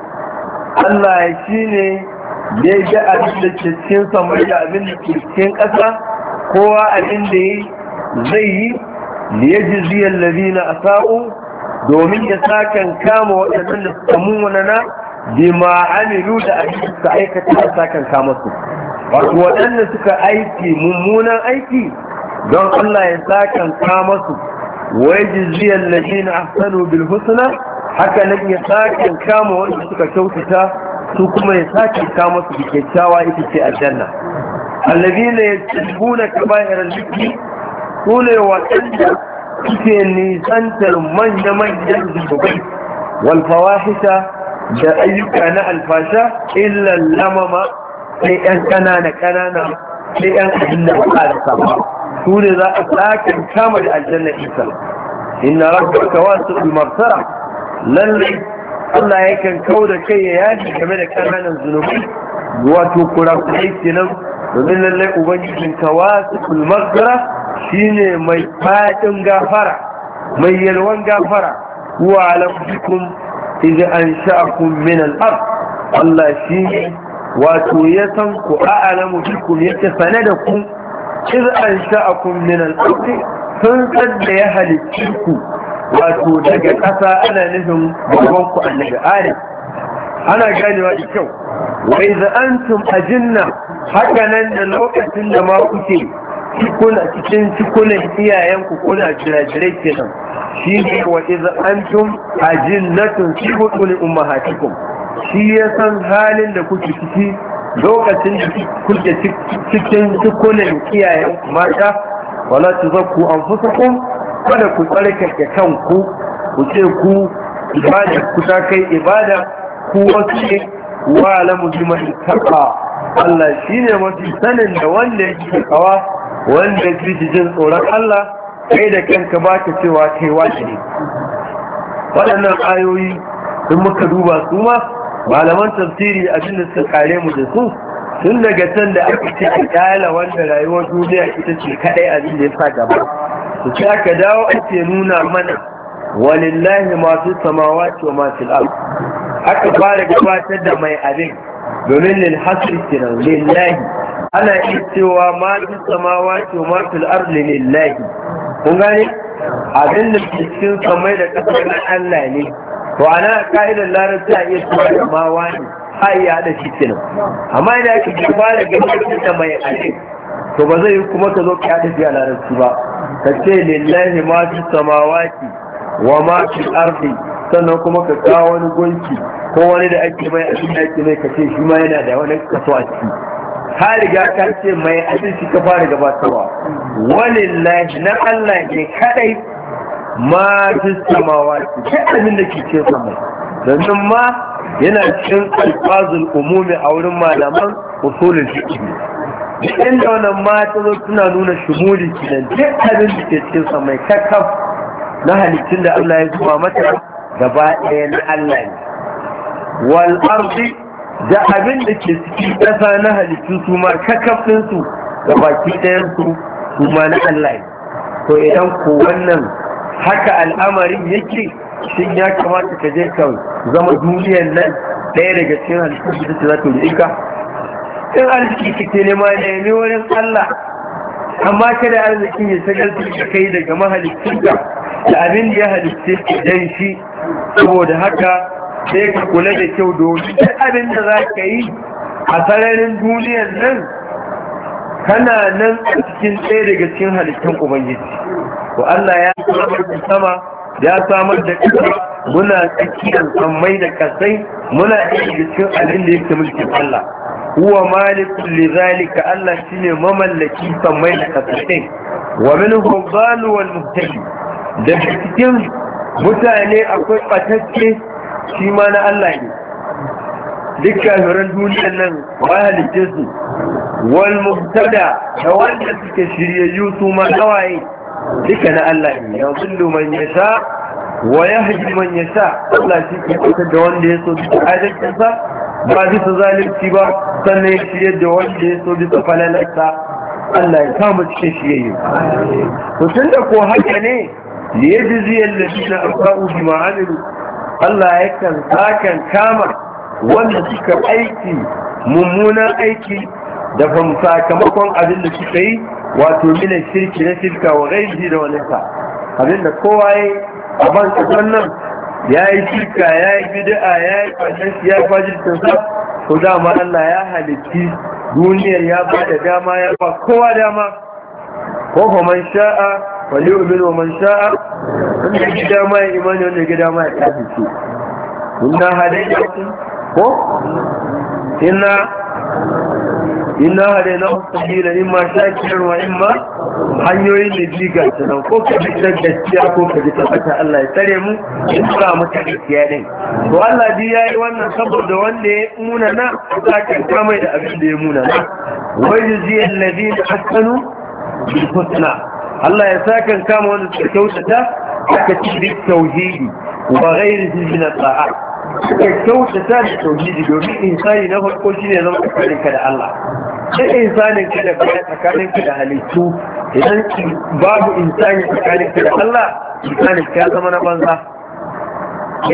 Allah ya shine ne ya yi abin da cikin samari abin da cikin ƙasa kowa abin da ya zai yi da ya ji a domin ya sakan kama waɗannan da suka na. bima amilu da abin aikata a sakan kamasu waɗanda suka aiki mummunan aiki don Allah ya sakan kamasu wai jiziyar ladina ahsanu bil husna haka nan ya sakan kama wanda suka kyautata su kuma ya sakan kama su da kyakkyawa ita ce aljanna alladina yajibuna kaba'ir al-dhikri sune waɗanda suke nisantar manya-manyan zubai wal fawahisha da ayyuka na alfasha illan lamama sai yan ƙanana ƙanana sai yan abin da ba da sama su ne za a sakin kama da aljanna isa inna rabbaka wasu al-maghfara lallai Allah yakan kau da kai ya yaji game da kananan zunubi wato kurakurai kenan domin lallai ubangijin kawa su kulmagara shine mai fadin gafara mai yalwan gafara wa alam bikum izi an sha'akun min al'ar Allah shi wato ya san ku a'alamu bikum yake sane da ku iz an sha'akun min al'ar sun tsadda ya halicci ku wato daga ƙasa ana nufin babban ku annabi adam ana ganewa da kyau wa iz a ajinna haka nan da lokacin da ma kuke cikin cikunan iyayenku kuna jirajirai kenan shi ne wa iza antum ajinnatun fi butuni ummahatikum shi ya san halin da kuke ciki lokacin da kuke cikin cikunan iyayenku mata wala tuzakku anfusakum kada ku tsarkake kanku ku ce ku ibada ku ta kai ibada ku wasu ne wa alamu bi Allah shine mafi sanin da wanda yake kawa wanda ya jin tsoron Allah kai da kanka ba ka cewa kai wace ne waɗannan ayoyi sun muka duba su ma malaman tafsiri a da suka kare mu da su tun daga can da aka ce a kyala wanda rayuwar duniya ita ce kaɗai a da ya sa gaba su ce aka dawo ake nuna mana walillahi masu samawa ce wa masu aka fara gabatar da mai abin domin lil hasri kenan lillahi ana iya cewa ma fi samawa ke ma fil ardi lillahi kun gane abin da ke cikin samai da ƙasa na Allah ne to ana ka'idar larabci a iya cewa ma wani a iya haɗa shi kenan amma ina aka ji fara gani da mai ake to ba zai yi kuma ka zo ka haɗa biya a larabci ba ka ce lillahi ma fi samawa wa ma arzi, sannan kuma ka kawo wani gunki ko wani da ake mai a cikin ake mai ka ce shi ma yana da wani kaso a ciki ka riga ce mai abinci ka fara gabatarwa walillahi na Allah ne kadai ma fi samawa ce abin da ke ce sama domin ma yana cikin alfazul umumi a wurin malaman usulul fiqh inda wannan ma zo suna nuna shumuli kenan duk abin da ke cikin sama kakkaf na halittun da Allah ya zuba mata gaba ɗaya na Allah ne wal ardi da abin da ke ciki ƙasa na halittu su ma kakafinsu da baki ɗayansu su ma na Allah to idan ko wannan haka al'amarin yake shin ya kamata ka je ka zama duniyar nan ɗaya daga cikin halittu da za ta rike ka in arziki kake nema nemi wurin Allah amma kada arzikin ya shagaltar ka kai daga mahaliccinka da abin da ya halitta dan shi saboda haka sai ka kula da kyau domin duk abin da za ka yi a sararin duniyar nan kana nan a cikin ɗaya daga cikin halittun ubangiji to Allah ya samar da sama ya samar da ƙasa muna tsakiyar sammai da kasai muna ɗaya daga cikin abin da yake mulkin Allah huwa malikul ka Allah shine mamallaki sammai da kasai wa minhum dhalu wal muhtadi da cikin mutane akwai batacce shi ma na Allah ne duk kafiran duniyar nan ba halitta su wal muhtada da wanda suke shiryayyu su ma tawaye duka na Allah ne ya zullu man yasha wa yahdi man yasha Allah shi ke kusa da wanda ya so duk adalcinsa ba bisa zalunci ba sannan ya shirya da wanda ya so bisa falalarsa Allah ya kama cikin shiyayyu. Mutum da ko haka ne, da ya ji ziyar da shi na alfa'u bi ma'amilu, Allah yakan sakan kama wanda suka aiki mummunan aiki da sakamakon abin da suka yi wato mina shirki na shirka wa gaiji da wani sa abin da kowa yi a ban kasar nan ya yi shirka ya yi ya yi ya yi fajirtin sa ko dama Allah ya halitti duniyar ya ba da dama ya ba kowa dama ko kuma sha'a wali umin wa man sha'a wanda gida ma ya imani wanda gida ma ya kafirce inna hadaina ko inna inna hadaina sabila imma shakiran in ma? hanyoyin da jiga ta nan ko ka bi ta gaskiya ko ka ji tabbata Allah ya tare mu in ba mu ta gaskiya din to Allah dai yayi wannan saboda wanda ya muna na za ka mai da abin da ya muna na wajzi alladhina hasanu bil husna Allah ya sakan kama wanda suka kyautata aka ci duk tauhidi wa ghairi min at-ta'at ka kyautata da tauhidi domin insani na farko ne zama tsakaninka da Allah sai insanin ka da kai tsakanin ka da halittu idan babu insani tsakanin ka da Allah insanin ka zama na banza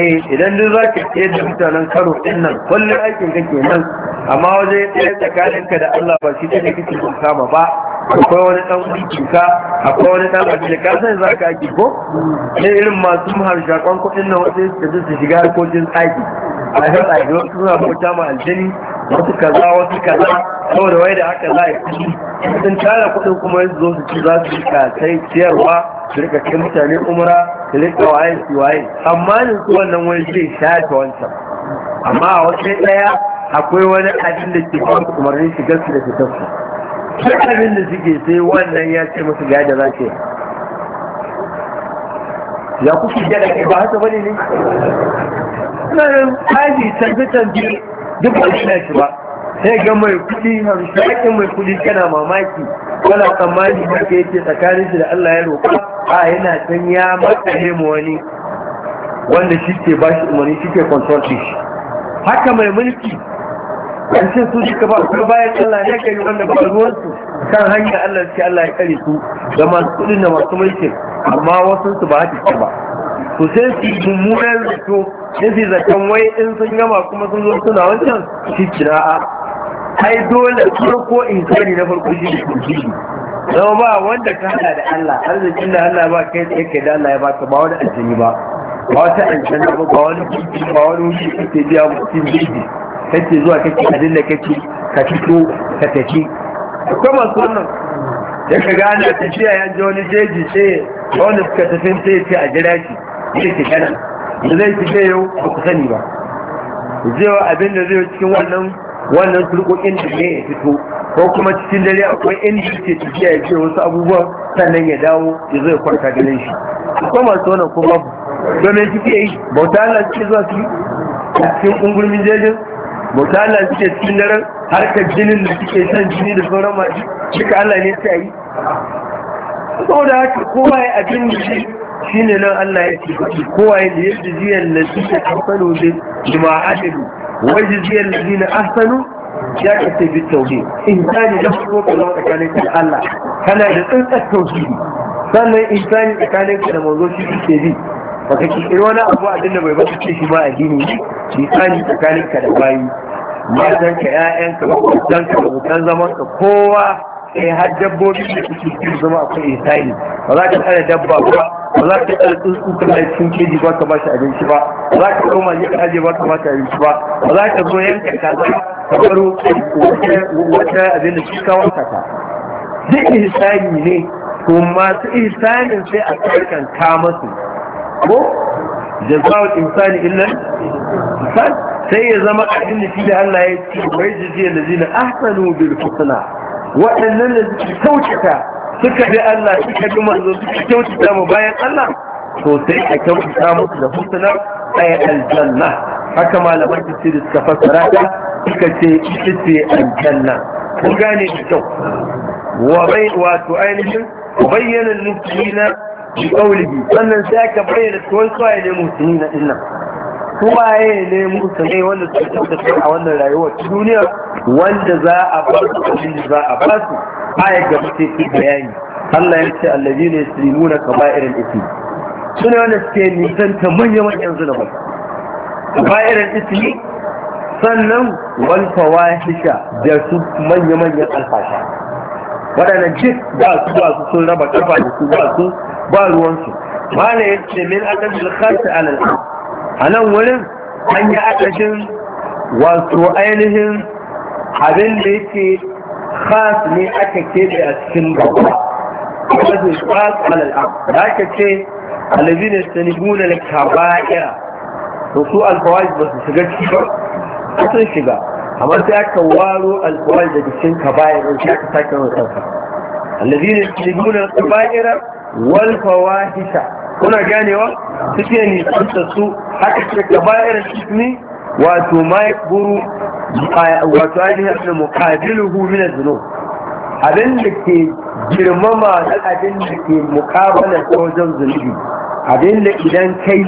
eh idan duk za ka tsaye da mutanen karo din nan kullum aikin ka nan, amma waje tsaye tsakanin ka da Allah ba shi ne kake son kama ba akwai wani dan ka akwai wani dan abin da ka san za ka ake ko ne irin masu kwan kuɗin na wasu da su shiga harkokin tsaki a yi tsaki wasu suna bauta ma aljini wasu kaza wasu kaza saboda wai da haka za a yi sun tara kuɗin kuma yanzu zo su ci za su rika sai ciyarwa su rika kai mutane umara su rika waye su waye amma ne su wannan wani zai shafe wancan amma a wasu ɗaya akwai wani abin da ke kuma umarnin shigar su da fitar su shekarun abin da suke sai wannan ya ce masu gaya da za ce ya da ke ba haka bane ne sanin tsari tafi-tafi duk wani na shi ba sai ga mai kudi ake mai kudi kana mamaki wala tsammani ba ke yake tsakanin shi da Allah ya roƙa a yana can ya makale mu wani wanda shi ke ba shi umarni shi ke control shi haka mai mulki an ce su duka ba kuma bayan Allah ya kai wanda ba ruwansu kan hanyar Allah ce Allah ya kare su da masu kudin da masu mulkin amma wasu su ba haka ba to sai su mummunan zato sai su zaton wai in sun gama kuma sun zo suna wancan shi kira'a ai dole farko insani na farko shi ne kurjiji zama ba wanda ka hada da Allah arzikin da Allah ba kai tsaye kai da Allah ya baka ba wani aljini ba ba wata aljini ba ba wani kiki ba wani wuce kike biya mutum jirgi kake zuwa kake abin da kake ka fito ka tafi akwai masu wannan da ka gane tafiya ya ji wani jeji ce wani suka tafi sai ce a gida ki zai ki kana da zai ki yau ba ku sani ba zai wa abin da zai cikin wannan wannan turkokin da ne ya fito ko kuma cikin dare akwai inda ke tafiya ya ce wasu abubuwan sannan ya dawo ya zai kwanta ganin shi akwai masu wannan kuma domin kike yi bauta Allah cikin zuwa su cikin ƙungurmin jejin bauta suke cikin daren harkar jinin da suke san jini da sauran masu cika Allah ne sai yi saboda haka kowa ya abin da shi shi ne nan Allah ya ce kowa ya yi jiziyar da suke kamfano da jima'adadu Waje jiziyar da zina asanu, ya kace bi ta ne da ko kallon tsakanin ta Allah kana da tsantsar tauhidi sannan ne tsakanin ka da mazo shi suke bi baka kirkiri wani abu a dinda bai baka ce shi ma addini ne misali tsakanin ka da bayi matan ka ƴaƴan ka makwabtan ka abokan zaman ka kowa kai eh, har dabbobi da suke cikin zama akwai ihsani ba za ka tsara dabba ba ba za ka tsara tsuntsu ka mai cikin keji ba ka ba shi abinci ba ba za ka koma ne ka aje ba ka ba shi abinci ba ba za ka zo yanka kaza ka baro wata abin da shi kawon ka ta duk ihsani ne to masu ihsanin sai a tsarkan ka masu ko jazawar insani illan misal sai ya zama ƙarfin da shi da Allah ya ce bai jijiyar da zina ahsanu bil husna waɗannan da suka kyautata suka bi Allah suka bi manzo suka kyautata mu bayan Allah to sai a kyautata musu da husna ay aljanna haka malaman da suka fassara ta suka ce ita ce aljanna kun gane da kyau wato ainihin bayyana nufina bi qawlihi sannan sai aka bayyana to wai suwaye ne musulmi na dinnan suwaye ne musulmi wanda suka tabbata a wannan rayuwar ta duniya wanda za a ba abin da za a ba su aya gaba sai ki bayani Allah ya ce ne allazina yaslimuna kaba'irul ismi sune wanda suke nisanta manya-manyan zunubai kaba'irul ismi sannan shisha da su manya-manyan alfasha waɗannan duk ba su ba su sun raba ƙafa da su ba su ba ruwansu mana ya ce min adadin kasa alal a nan wurin an yi adadin wasu ainihin abin da yake khas ne aka keɓe a cikin gaba su khas alal da aka ce alazina sanibuna da kaba'ira to su alfawaj ba su shiga ciki ba sun shiga amma sai aka waro alfawaj da cikin kaba'ira sai aka sake wani kansa alazina sanibuna da kaba'ira wal fawahisha kuna ganewa suke ni su haka ce kaba'ir ismi wato ma yakburu wato ainihin abin muqabiluhu min az-zunub abin da ke girmama da abin da ke muqabala ta wajen zunubi abin da idan kai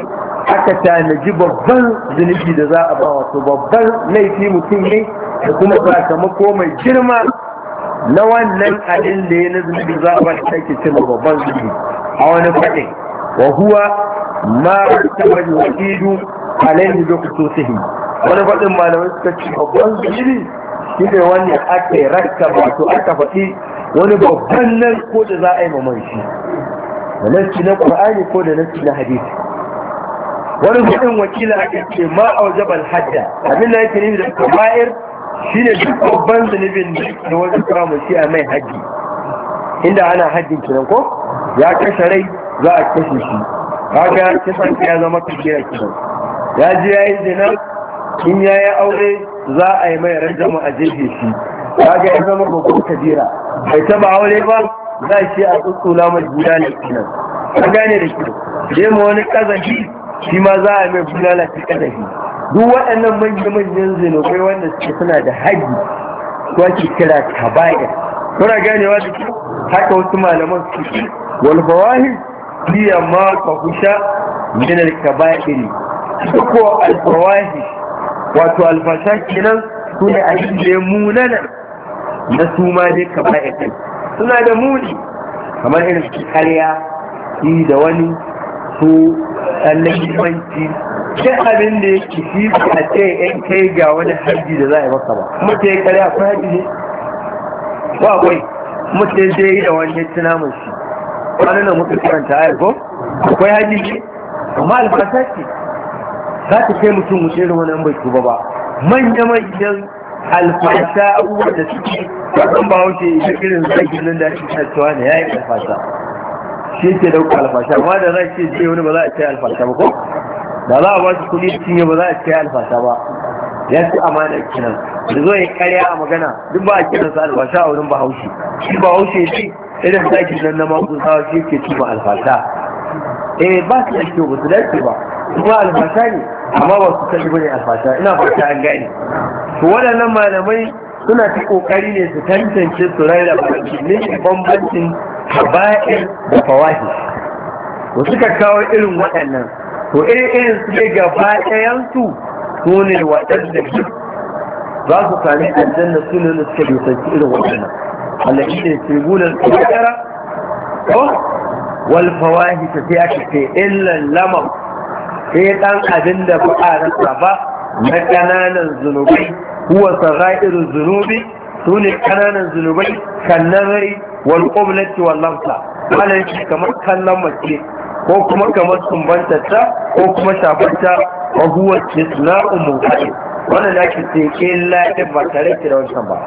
aka tanaji babban zunubi da za a ba wato babban laifi mutum ne da kuma sakamako mai girma na wannan abin da ya nazumi za a ta ke cin babban zubi a wani faɗin wa huwa ma tabbali wa idu alaihi da kusursihi wani faɗin malamai suka ce babban zubi shi ne wani aka yi rakka wato aka faɗi wani babban nan ko da za a yi mamman shi da nassi na ƙur'ani ko da nassi na hadisi wani faɗin wakila a ce ma a wajabal hadda abin da yake ne da kaba'ir shi ne duk babban zunubin da wani kama shi a mai haji inda ana hajjin kinan ko ya kashe rai za a kashe shi haka kisan ya zama kashira kinan ya je ya yi zina in ya yi aure za a yi mai rajama a jefe shi haka ya zama babban kadira bai taba aure ba za shi a tsutsula mai guda ne kinan an gane da shi. je ma wani kazanci shi ma za a mai bulala lalata kadafi duk waɗannan manya-manyan zinubai wanda suke suna da haji ko ake kira kaba'ir kuna ganewa da haka wasu malaman su wal fawahir hiya ma fahusha min al kaba'ir ko al wato al fasha su ne a cikin munana na su ma dai kaba'ir suna da muni kamar irin karya shi da wani su annabiwanci shi abin da ya su a ce yan kai ga wani haji da za a yi maka ba mutu ya kare akwai haji ne ba kwai mutu ya yi da wani yanci namun shi wani na mutu ta ayar ko akwai haji ne amma albasa ce za ta kai mutum mutu irin wani an bai ba ba manya-manyan alfasa abubuwan da suke kan ba wuce irin zagin nan da ake tattuwa ne ya yi alfasa shi ke dauka alfasha amma da za a ce ce wani ba za a ce alfasha ba ko da za a ba shi kuɗi cinye ba za a ce alfasha ba ya ci amana kiran da zo ya karya a magana duk ba a kiran sa alfasha a wurin bahaushe shi bahaushe ce irin zaki nan na makon sawa shi ke ci ba alfasha eh ba su yake ba su dace ba kuma alfasha ne amma ba su kalli ba ne alfasha ina fata an gane to waɗannan malamai suna ta ƙoƙari ne su tantance su raira bambancin kaba'ir da fawahi to suka kawo irin waɗannan to irin irin su ne gaba ɗayansu su ne waɗanda duk za su sami aljanna su ne suka nisanci irin waɗannan allafi ne ke gunan tsakara ko wal fawahi ta sai ake ce illan lamam sai ɗan abin da ba a rasa ba na ƙananan zunubai huwa irin zunubi su ne ƙananan zunubai kan namari wal qiblati wal lamsa malai kamar kallon mace ko kuma kamar sumbanta ta ko kuma shafanta wa huwa isna'u muqaddis wannan yake ce illa in ba tare da wancan ba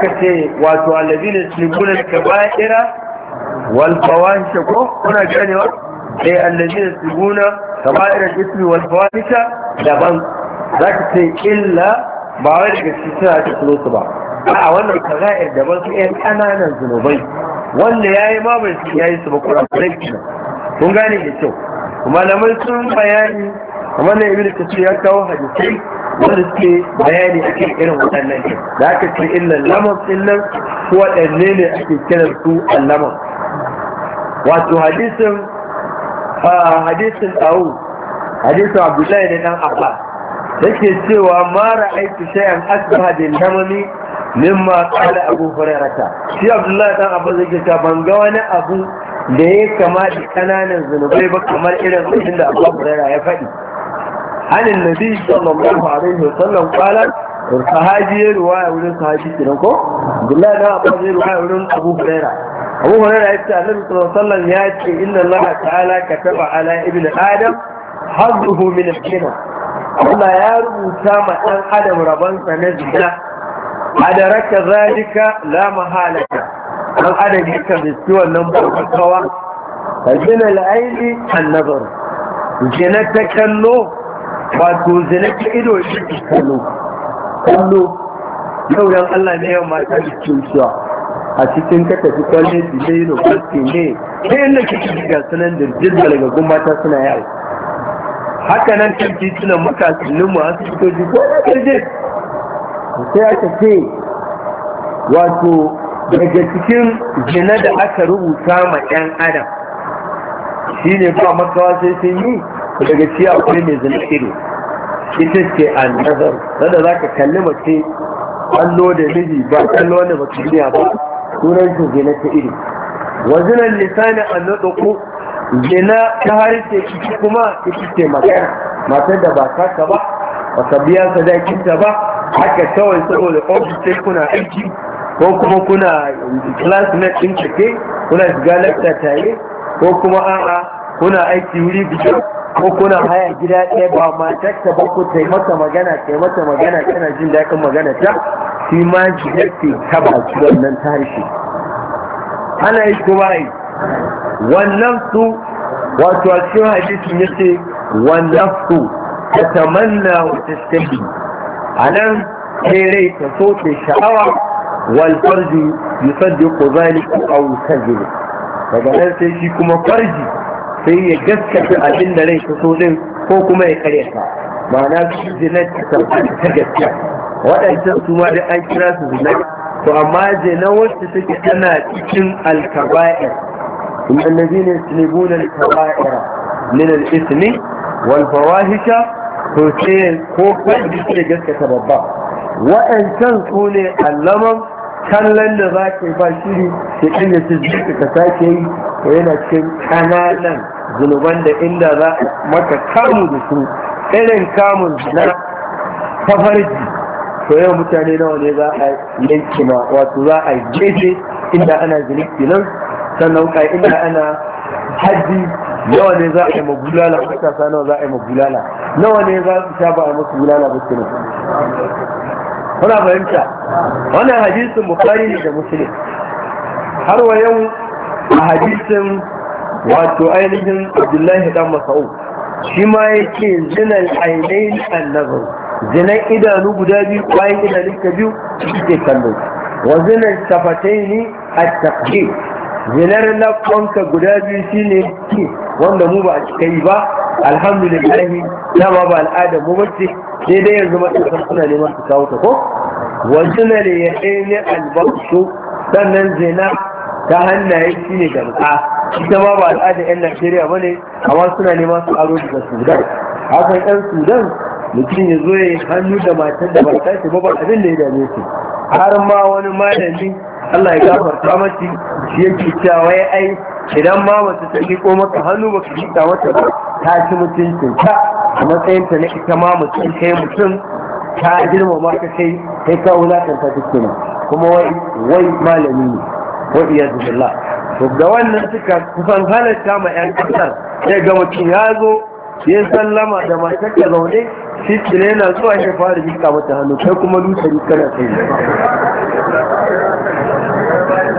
ka ce wato alladhina yuslimuna al-kaba'ira wal fawahisha ko kuna ganewa sai eh, alladhina yuslimuna kaba'ira al-ithmi wal fawahisha daban Za ka ce illa ba wai daga cikin suna cikin su ba a wannan kaza'ir daban su yan ƙananan zunubai wanda ya yi ma bai ya yi su ba kurakurai kina kun gane da kyau malamai sun bayani kamar na ibn kasir ya kawo hadisai wanda suke bayani akan irin waɗannan ɗin da aka ce illan lamar illan waɗanne ne ake kiran su allama wato hadisin hadisin dawo hadisin abdullahi da dan abba yake cewa mara aiki shayan asbaha da lamami mimma kala abu hurairata shi abdullahi dan abu zai ta banga wani abu da ya kama da kananan zunubai ba kamar irin abin da abu hurairata ya faɗi hanin nabi sallallahu alaihi wasallam kala sahabi ya ruwaya wurin sahabi kiran ko abdullahi dan abu ya ruwaya wurin abu hurairata abu hurairata ya ce annabi sallallahu alaihi wasallam ya ce inna allaha ta'ala kataba ala ibn adam hazzuhu min al-jannah Allah ya rubuta ma ɗan adam rabonsa na zina adaraka zalika la mahalaka dan adadi kan riski wannan barkawa zina al'aili nazar, zina ta kallo wato zina ta ido shi ta kallo kallo yau dan Allah ne yau mata da cutuwa a cikin ka tafi kwalle su ne yi lokaci ne ta yadda ke cikin gasunan da jirgin daga gumbata suna yawo haka nan kan titunan makasinninmu a asibitoci ko na karje sai aka ce wato daga cikin gina da aka rubuta ma ɗan adam shi ne ba makawa sai sun yi daga ci akwai mai zina ido ita ce a nazar wanda za ka kalli mace allo da miji ba kallo wanda ba duniya ba sunan su zina ta ido wazinan lisanin an na ɗauko zina ta harshe kuma ita ce magana matar da ba kaka ba ba sa da sadakinta ba haka kawai saboda ofis sai kuna aiki ko kuma kuna classmate ɗin kake kuna shiga lakta tare ko kuma a'a kuna aiki wuri biyu, ko kuna haya gida ɗaya ba ma tatta ba ku taimaka magana taimaka magana kana jin daɗin magana ta shi ma jidarki ta shi wannan tarihi. ana yi kuma yi wannan su wato a cikin hadisin yace wannan su ta tamanna wa tastahi a nan sai rai ta so ta sha'awa wal farji yusaddiqu zalika aw yukazzibu daga nan sai shi kuma farji sai ya gaskata abin da rai ta so din ko kuma ya karyata ma'ana su zinar ta ta gaskiya waɗancan su ma dai an kira su zinar to amma zina wacce take tana cikin alkaba'ir in annabi ne sunibuna alkaba'ira min al-ismi wal fawahisha to sai ko kwanci ke gaskata babba wa'ancan su ne allaman kallon da za ka yi ba shiri sai kan ya ci ka sake yi to yana cikin kananan zunuban da inda za maka kamu da su irin kamun na tafarji Ko yau mutane nawa ne za a yanki ma wato za a gefe inda ana zunubi nan sannan ka inda ana haji yawa ne za a yi mabulala matasa nawa za a yi magulala nawa ne za a sha ba a musu bulala ba su kuna fahimta wannan hadisin bukari ne da musulun har wa yau a hadisin wato ainihin abdullahi dan masau shi ma yake zinan ainihin annabin zinan idanu guda biyu bayan idanun ka biyu suke kallo wa zinan safatai ne a tafiye zinar lafanka guda biyu shine ne wanda mu ba a cika yi ba alhamdulillah dama ba ba al'ada mu bace sai dai yanzu matakan suna neman su kawo ta ko na ne ya ne albasu sannan zina ta hannaye shine damka ita ma ba al'ada yan najeriya ba ne amma suna neman su aro daga sudan hakan yan sudan mutum ya zo ya hannu da matan da ba ta ba ba abin da ya dame su har ma wani malami Allah ya gafarta mace shi yake cewa ya ai idan ma mace ta riko maka hannu ka jika mata ba ta ci mutuncin ta a matsayin ta na ita ma mutum kai mutum ta girmama ka kai kai ka wulakanta ta kuma kuma wai wai malami ne wa iyyazu billah to da wannan suka kusan halatta ma yan kasar sai ga mutum ya zo ya sallama da matar zaune shi tsire yana zuwa shi fara jika mata hannu kai kuma lusari kana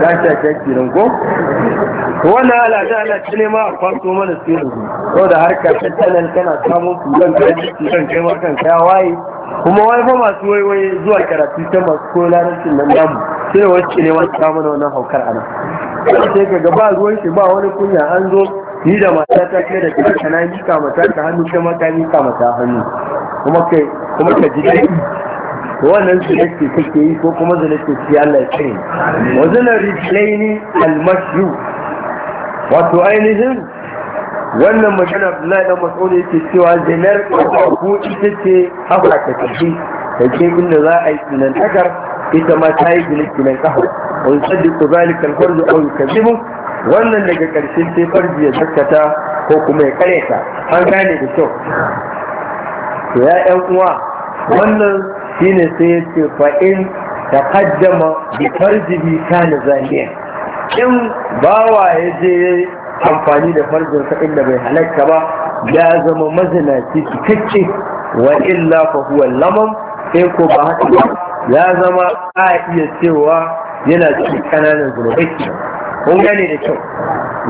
sai ta sha kyakki nan ko wannan al'ada ana ne ma a kwanto mana da zuwa da harka tattalin kana samun kudan su kan kai ma kan kaya waye kuma wani fa masu waiwaye zuwa karatu ta masu koyo larabcin nan damu sai wacce ne wata samun wannan haukar ana sai ka ga ba ruwan shi ba wani kunya an zo ni da mata ta kai da kai kana mika mata ta hannu kai ma ka mika mata hannu kuma kai kuma ka ji dai wannan zalake kake yi ko kuma zalake shi Allah ya kare wa zanar rijlaini al-mashyu wato ainihin wannan magana Abdullahi dan Mas'ud yake cewa zinar ku ita ce haka ta kashi da ke inda za a yi tunan takar ita ma ta yi gine-ginen kafa wani sadi ku zalika al-fardu aw mu. wannan daga ƙarshen sai farji ya zakkata ko kuma ya ta, an gane da kyau to ya ƴan uwa wannan shine sai ya ce fa'in ta kaddama bi ta kana zaniya in bawa ya je amfani da farjin sa inda bai halarta ba ya zama mazinaci cikakke wa illa fa huwa sai ko ba haka ya zama a iya cewa yana cikin kananan zunubai kun gane da kyau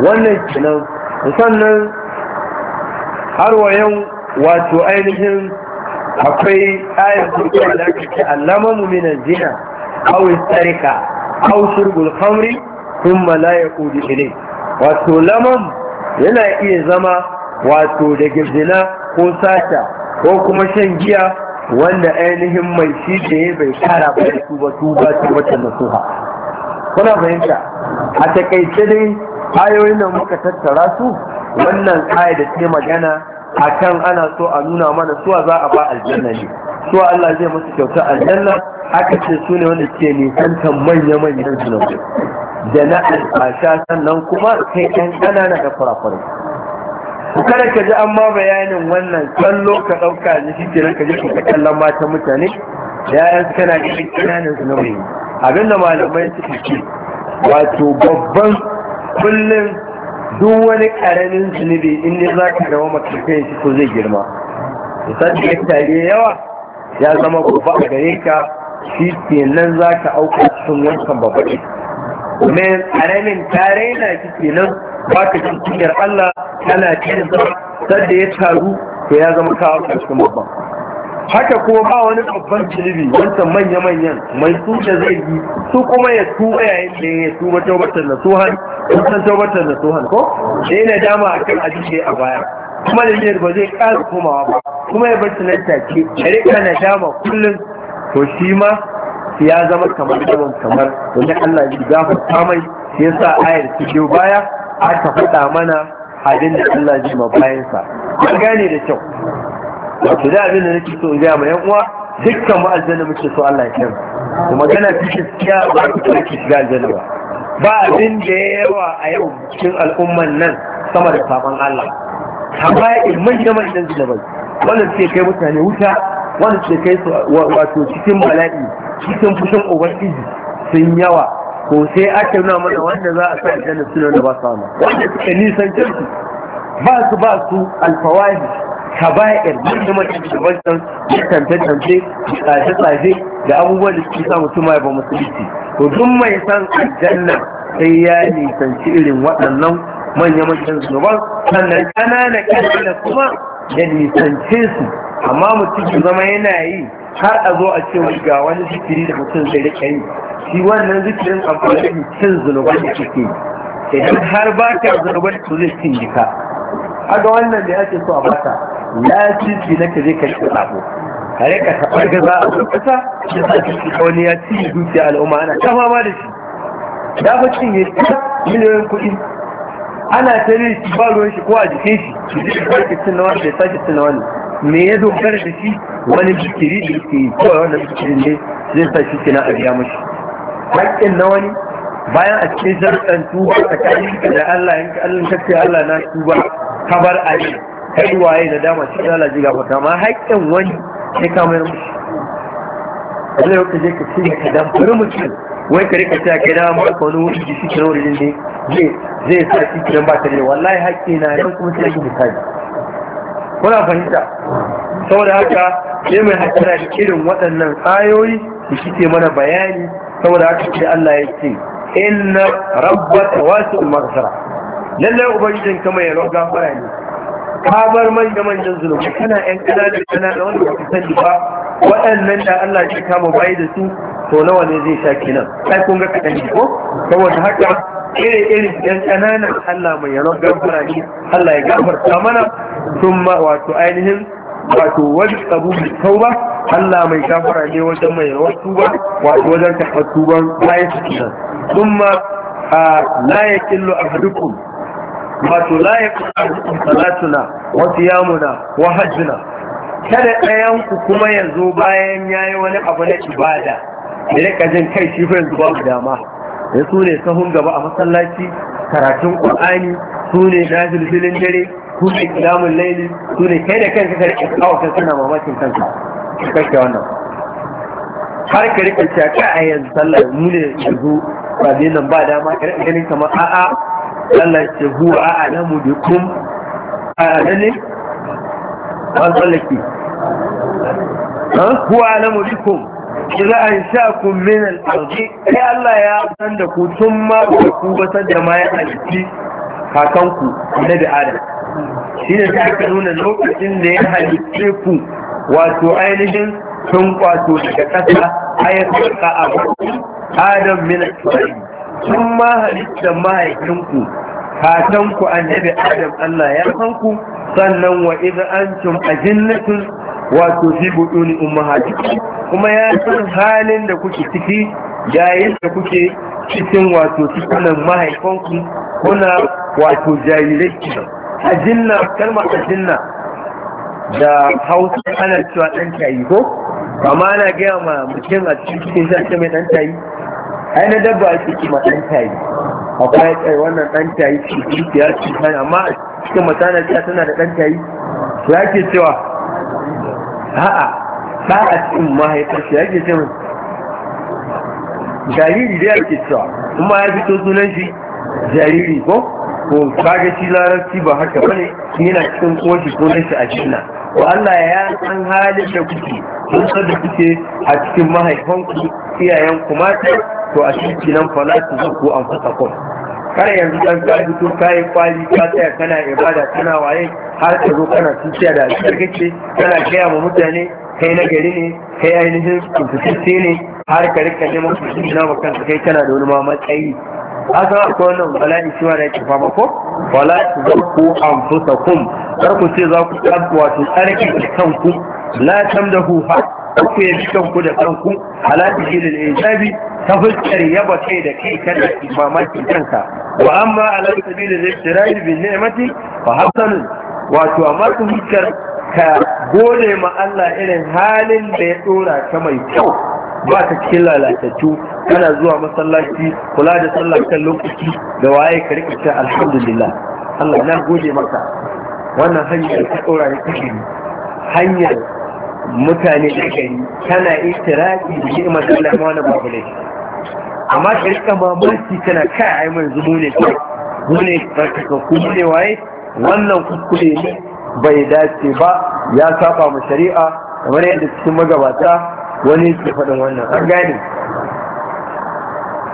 wannan kenan sannan har wa yau wato ainihin akwai ayar zuwa da aka ce allama muminan zina kawai tsarika aw shurbul khamri thumma la yaqudu ilay wato laman yana iya zama wato da gizina ko sata ko kuma shan giya wanda ainihin mai shi da ya bai kara ba da tuba tuba ta wata nasuha kuna fahimta a takaice dai ayoyin da muka tattara su wannan aya da ke magana kan ana so a nuna mana suwa za a ba aljanna ne suwa Allah zai masu kyauta aljanna aka ce su ne wanda ke nisantan manya-manyan zunubi da na alfasha sannan kuma kai ɗan ƙanana da kada ka ji amma bayanin wannan kallo ka ɗauka ne shi ke ka ji kuka kallon matan mutane da yayan su kana ganin ƙananan zunubi abinda malamai suka ce wato babban kullum duk wani karamin zunubi in ne za ka rawa matakai shi ko zai girma misali ya tare yawa ya zama gobe a gare ka shi ke nan za ka auka cikin wancan babbaɗi domin karamin tare na shi ke nan ba ka cikin Allah kana cin sadda ya taru to ya zama kawo cikin babban haka kuma ba wani babban zunubi wancan manya-manyan mai su da zai yi su kuma ya tuba yayin da ya tuba taubatar da suhan in san taubatar da suhan ko da yana dama a kan ajiye a baya kuma da yin ba zai ƙara komawa ba kuma ya bar nan take ya rika na dama kullum to shi ma ya zama kamar yawan kamar wani Allah ya gafa mai ya sa ayar su biyo baya aka faɗa mana abin da Allah ji ma bayansa. Ka gane da kyau. wato da abin da nake so in gaya ma yan uwa dukkan mu aljanna muke so Allah ya kai mu magana ta gaskiya ba ku ki shiga aljanna ba ba abin da yawa a yau cikin al'umman nan sama da sabon Allah amma ya manya manyan zinabai wannan suke kai mutane wuta wannan suke kai su wato cikin bala'i cikin fushin ubangiji sun yawa ko sai nuna mana wanda za a sa aljanna suna da ba su wanda suka nisan kirki ba su ba su alfawahi kaba'ir muhimman shugabancin da tantance tsaje-tsaje da abubuwan da suke sa mutum ya ba musulunci to duk mai san aljanna sai ya nisanci irin waɗannan manya-manyan zunuban sannan ƙanana ƙanana kuma ya nisance su amma mutum zama yana yi har a zo a ce ga wani zikiri da mutum zai rika yi shi wannan zikirin amfani da cin zunuban da kake yi idan har ba ka zunuban su zai cin jika. Haga wannan da ake so a bata na na ka je ka abu. sabo ka rika taɓar gaza a kasa shi sa cici wani ya ci dukiya al'umma ana ta fama da shi da fa cin ya ci miliyoyin kuɗi ana tare shi ba ruwan shi ko a jikin shi shi zai sake cin na wani da ya sake cin na wani me ya dogara da shi wani bikiri da ke yi kawai wanda bikirin ne zai sa shi kina a biya mashi haƙƙin na wani bayan a cikin zarɗan tuba tsakanin da Allah yanka Allah kace Allah na tuba kabar a kai waye da dama cikin lalaji ga fata ma haƙƙin wani sai ka mai mushi wani yau ka je ka cinye ka damfari mutum wai ka rika cewa kai dama ka wani wuri jiki kiran wuri ne zai sa shi kiran ba ta da wallahi haƙƙi na yau kuma sai yi misali kuna fahimta saboda haka sai mai haƙƙara da irin waɗannan ayoyi da shi mana bayani saboda haka sai Allah ya ce inna rabbaka wasi'ul maghfira lallai ubangijin kama ya roga fara ne ka bar manya-manyan zunubi kana yan ƙananan ƙananan wanda ba sani ba waɗannan da Allah ya kama bai da su to nawa ne zai sha kenan sai kun ga kaɗan ko saboda haka iri iri yan ƙananan Allah mai yaron gafara ne Allah ya gafarta mana sun ma wato ainihin wato wani abu mai tauba Allah mai gafara ne wajen mai yawan tuba wato wajen karɓar tuban bayan su kenan sun ma la ya killo a hadukun wato la arzikin arzukum salatuna wa siyamuna wa hajjuna kada ɗayan ku kuma yanzu bayan ya yi wani abu na ibada da ya jin kai shi fa yanzu babu dama da su ne sahun gaba a masallaci karatun ƙwa'ani su ne nafilfilin dare su ne kiyamun laili su ne kai da kanka ka rika kawo suna kana mamakin kanka kake wannan har ka rika cewa ka a yanzu sallah mu ne yanzu ba nan ba dama ka rika ganin kamar a'a Allah ya ce huwa a'lamu bikum a'lamu wa sallaki huwa a'lamu bikum idza ansha'akum min al-ardi Allah ya san da ku tun ma ku ba san da ma ya halitti kakanku na da adam ne da aka nuna lokacin da ya halitte ku wato ainihin sun kwato daga ƙasa ayyukan ka abu adam min al-ardi sun ma halitta mahaikinku fatanku annabi adam Allah ya sanku sannan wa idan idza antum ajinnatun wato fi buduni ummahatikum kuma ya san halin da kuke ciki yayin da kuke cikin wato cikinan mahaifanku kuna wato jarirai kenan ajinna a ajinna da hausa ana cewa dan tayi ko amma ana gaya ma mutum a cikin cikin mai dan tayi ai na dabba ake kima ɗan tayi akwai tsaye eh, wannan ɗan tayi ce ya ce tayi amma cikin matana jiya tana da ɗan tayi ya ke cewa a'a ba a cikin mahaifar shi ya ke cewa jariri da ya ke cewa kuma ya fito sunan shi jariri ko ko kaga shi larabci ba haka bane yana cikin kowace sunan shi a jina Wa Allah ya san halin da kuke sun san da kuke a cikin mahaifanku iyayenku mata to a cikin nan fa an tuzaku anfusakum kada yanzu ɗan ka fito kai kwali ka tsaya kana ibada kana waye har ka zo kana tuciya da alƙar kake kana gaya ma mutane kai na gari ne kai ainihin kuntututse ne har ka rika neman kuɗi na kanka kai kana da wani ma matsayi aka ko nan bala'i shi wa da yake fama ko wala za tuzakku anfusakum kar ku ce za ku tsabtu wato tsarki kanku la tamdahu ha ku yi kanku da kanku ala da ijabi ta fuskar yaba kai da kai kada ki ki kanka wa amma ala sabilil ibtirai bi ni'mati fa hasanun wato amma ku fuskar ka gode ma Allah irin halin da ya dora ta mai kyau ba ka cikin lalatattu kana zuwa masallaci kula da sallah kan lokaci da waye ka rika ta alhamdulillah Allah na gode maka wannan hanyar ta tsora ne kake hanyar mutane da gari kana istiraki da ni'imar Allah ma wannan babu ne amma ka rika mamaki kana kai ai mun zumu ne mu ne ka kuma ne waye wannan kuskure ne bai dace ba ya saba mu shari'a kamar yadda cikin magabata wani yake faɗin wannan an gane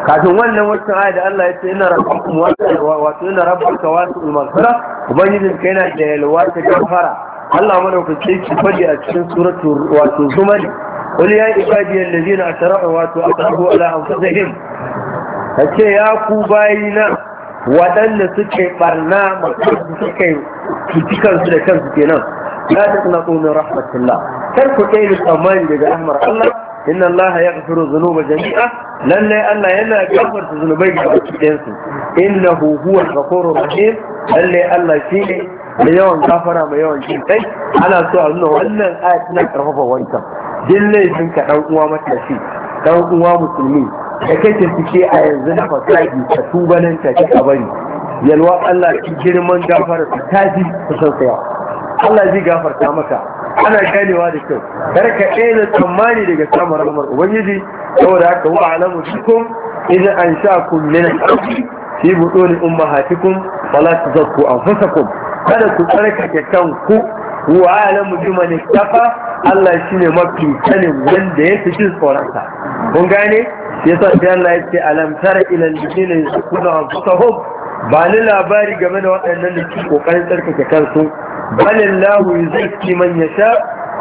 kafin wannan wacce aya da Allah ya ce ina rabbukum wato ina rabbuka wasu maghfira ubangijin kai yana da yalwa ta gafara Allah madaukake ki faɗi a cikin suratu wato zumari qul ya ibadi allazina asrafu wato asrafu ala anfusihim ce ya ku bayina waɗanda suke barna masu suke cikin su da kansu kenan la taqnatu min rahmatillah kar ku kai tsammani daga rahmar Allah inna Allah yaghfiru dhunuba jami'a lalle Allah yana gafarta zunubai ga cikin su innahu huwal ghafurur rahim lalle Allah shine da yawan gafara mai yawan jin kai ana so a nuna wannan aya tana karfafa wanka. din laifin ka dan uwa matashi dan uwa musulmi da kake fice a yanzu na fasahi ka tuba nan ta bari yalwa Allah ki girman gafara ta tafi ta sassaya Allah zai gafarta maka ana ganewa da kyau karka ɗaya ɗaya tsammani daga samun rahmar ubangiji saboda haka wa alamu cikin idan an sha kun min al-ardi fi butuni ummahatikum an tuzakku anfusakum kada ku tsarkake kanku wa alamu bimani tafa Allah shine mafi sanin wanda ya fi jin tsoronsa kun gane yasa sai Allah ya ce alam tara ila alladhina yasquna anfusahum ba ni labari game da waɗannan da ke kokarin tsarkake kansu balillahu yuzakki man yasha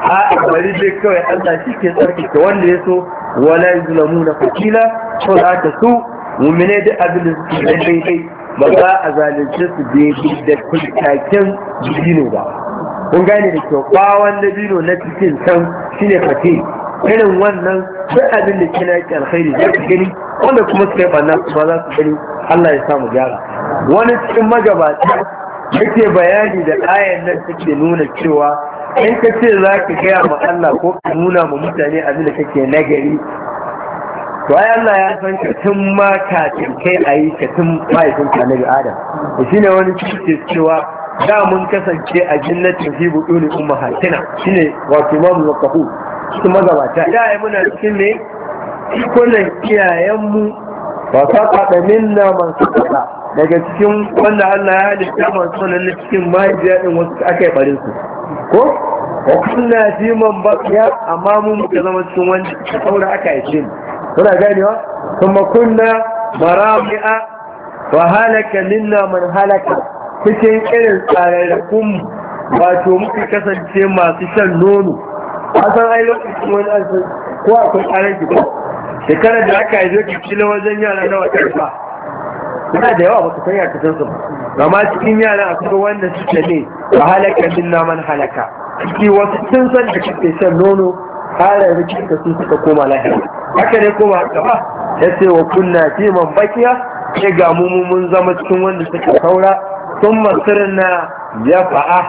a bari dai kawai Allah shi ke tsarkake wanda ya so wala yuzlamuna fatila ko da ta su mu'mine da abin da suke daidai ba za a zalunce su daidai da kulkakin dino ba kun gane da kyau bawan dabino na cikin can shine fatila irin wannan sai abin da kina yake alkhairi za ku gani wanda kuma suka yi banna za su gani Allah ya samu gyara wani cikin magabata yake bayani da ayan nan take nuna cewa in ka ce za ka gaya ma Allah ko ka nuna ma mutane abin da kake nagari to ai Allah ya san ka tun ma kafin kai ayi ka tun mahaifin ka nabi Adam to shine wani cike cewa da mun kasance a jannatin fi buduni ummahatina shine wato imamu wakafu cikin mazabata da ai muna cikin ne kullun iyayenmu wa fada minna man saqata daga cikin wanda Allah ya halitta masu na cikin mahaifiya din wasu aka yi barinsu. su ko wa kunna jiman baqiya amma mun muka zama cikin wanda saura aka yi shin kuna ganewa kuma kunna marami'a wa halaka minna man halaka cikin irin tsararrakun wato muka kasance masu shan nono a san ai lokacin wani an ko akwai tsarin ki ko shekarar da aka yi zo ki wajen yara nawa ba. suna da yawa baka sanya kasar san su ba ma cikin yara kuma wanda suke ne a halaka min naman halaka ciki wasu sun san da kake shan nono har yanzu kika sun suka koma lahira haka ne koma gaba ba ya ce wa kunna ce man bakiya sai ga mu mun zama cikin wanda suka saura sun masirin na jafa'a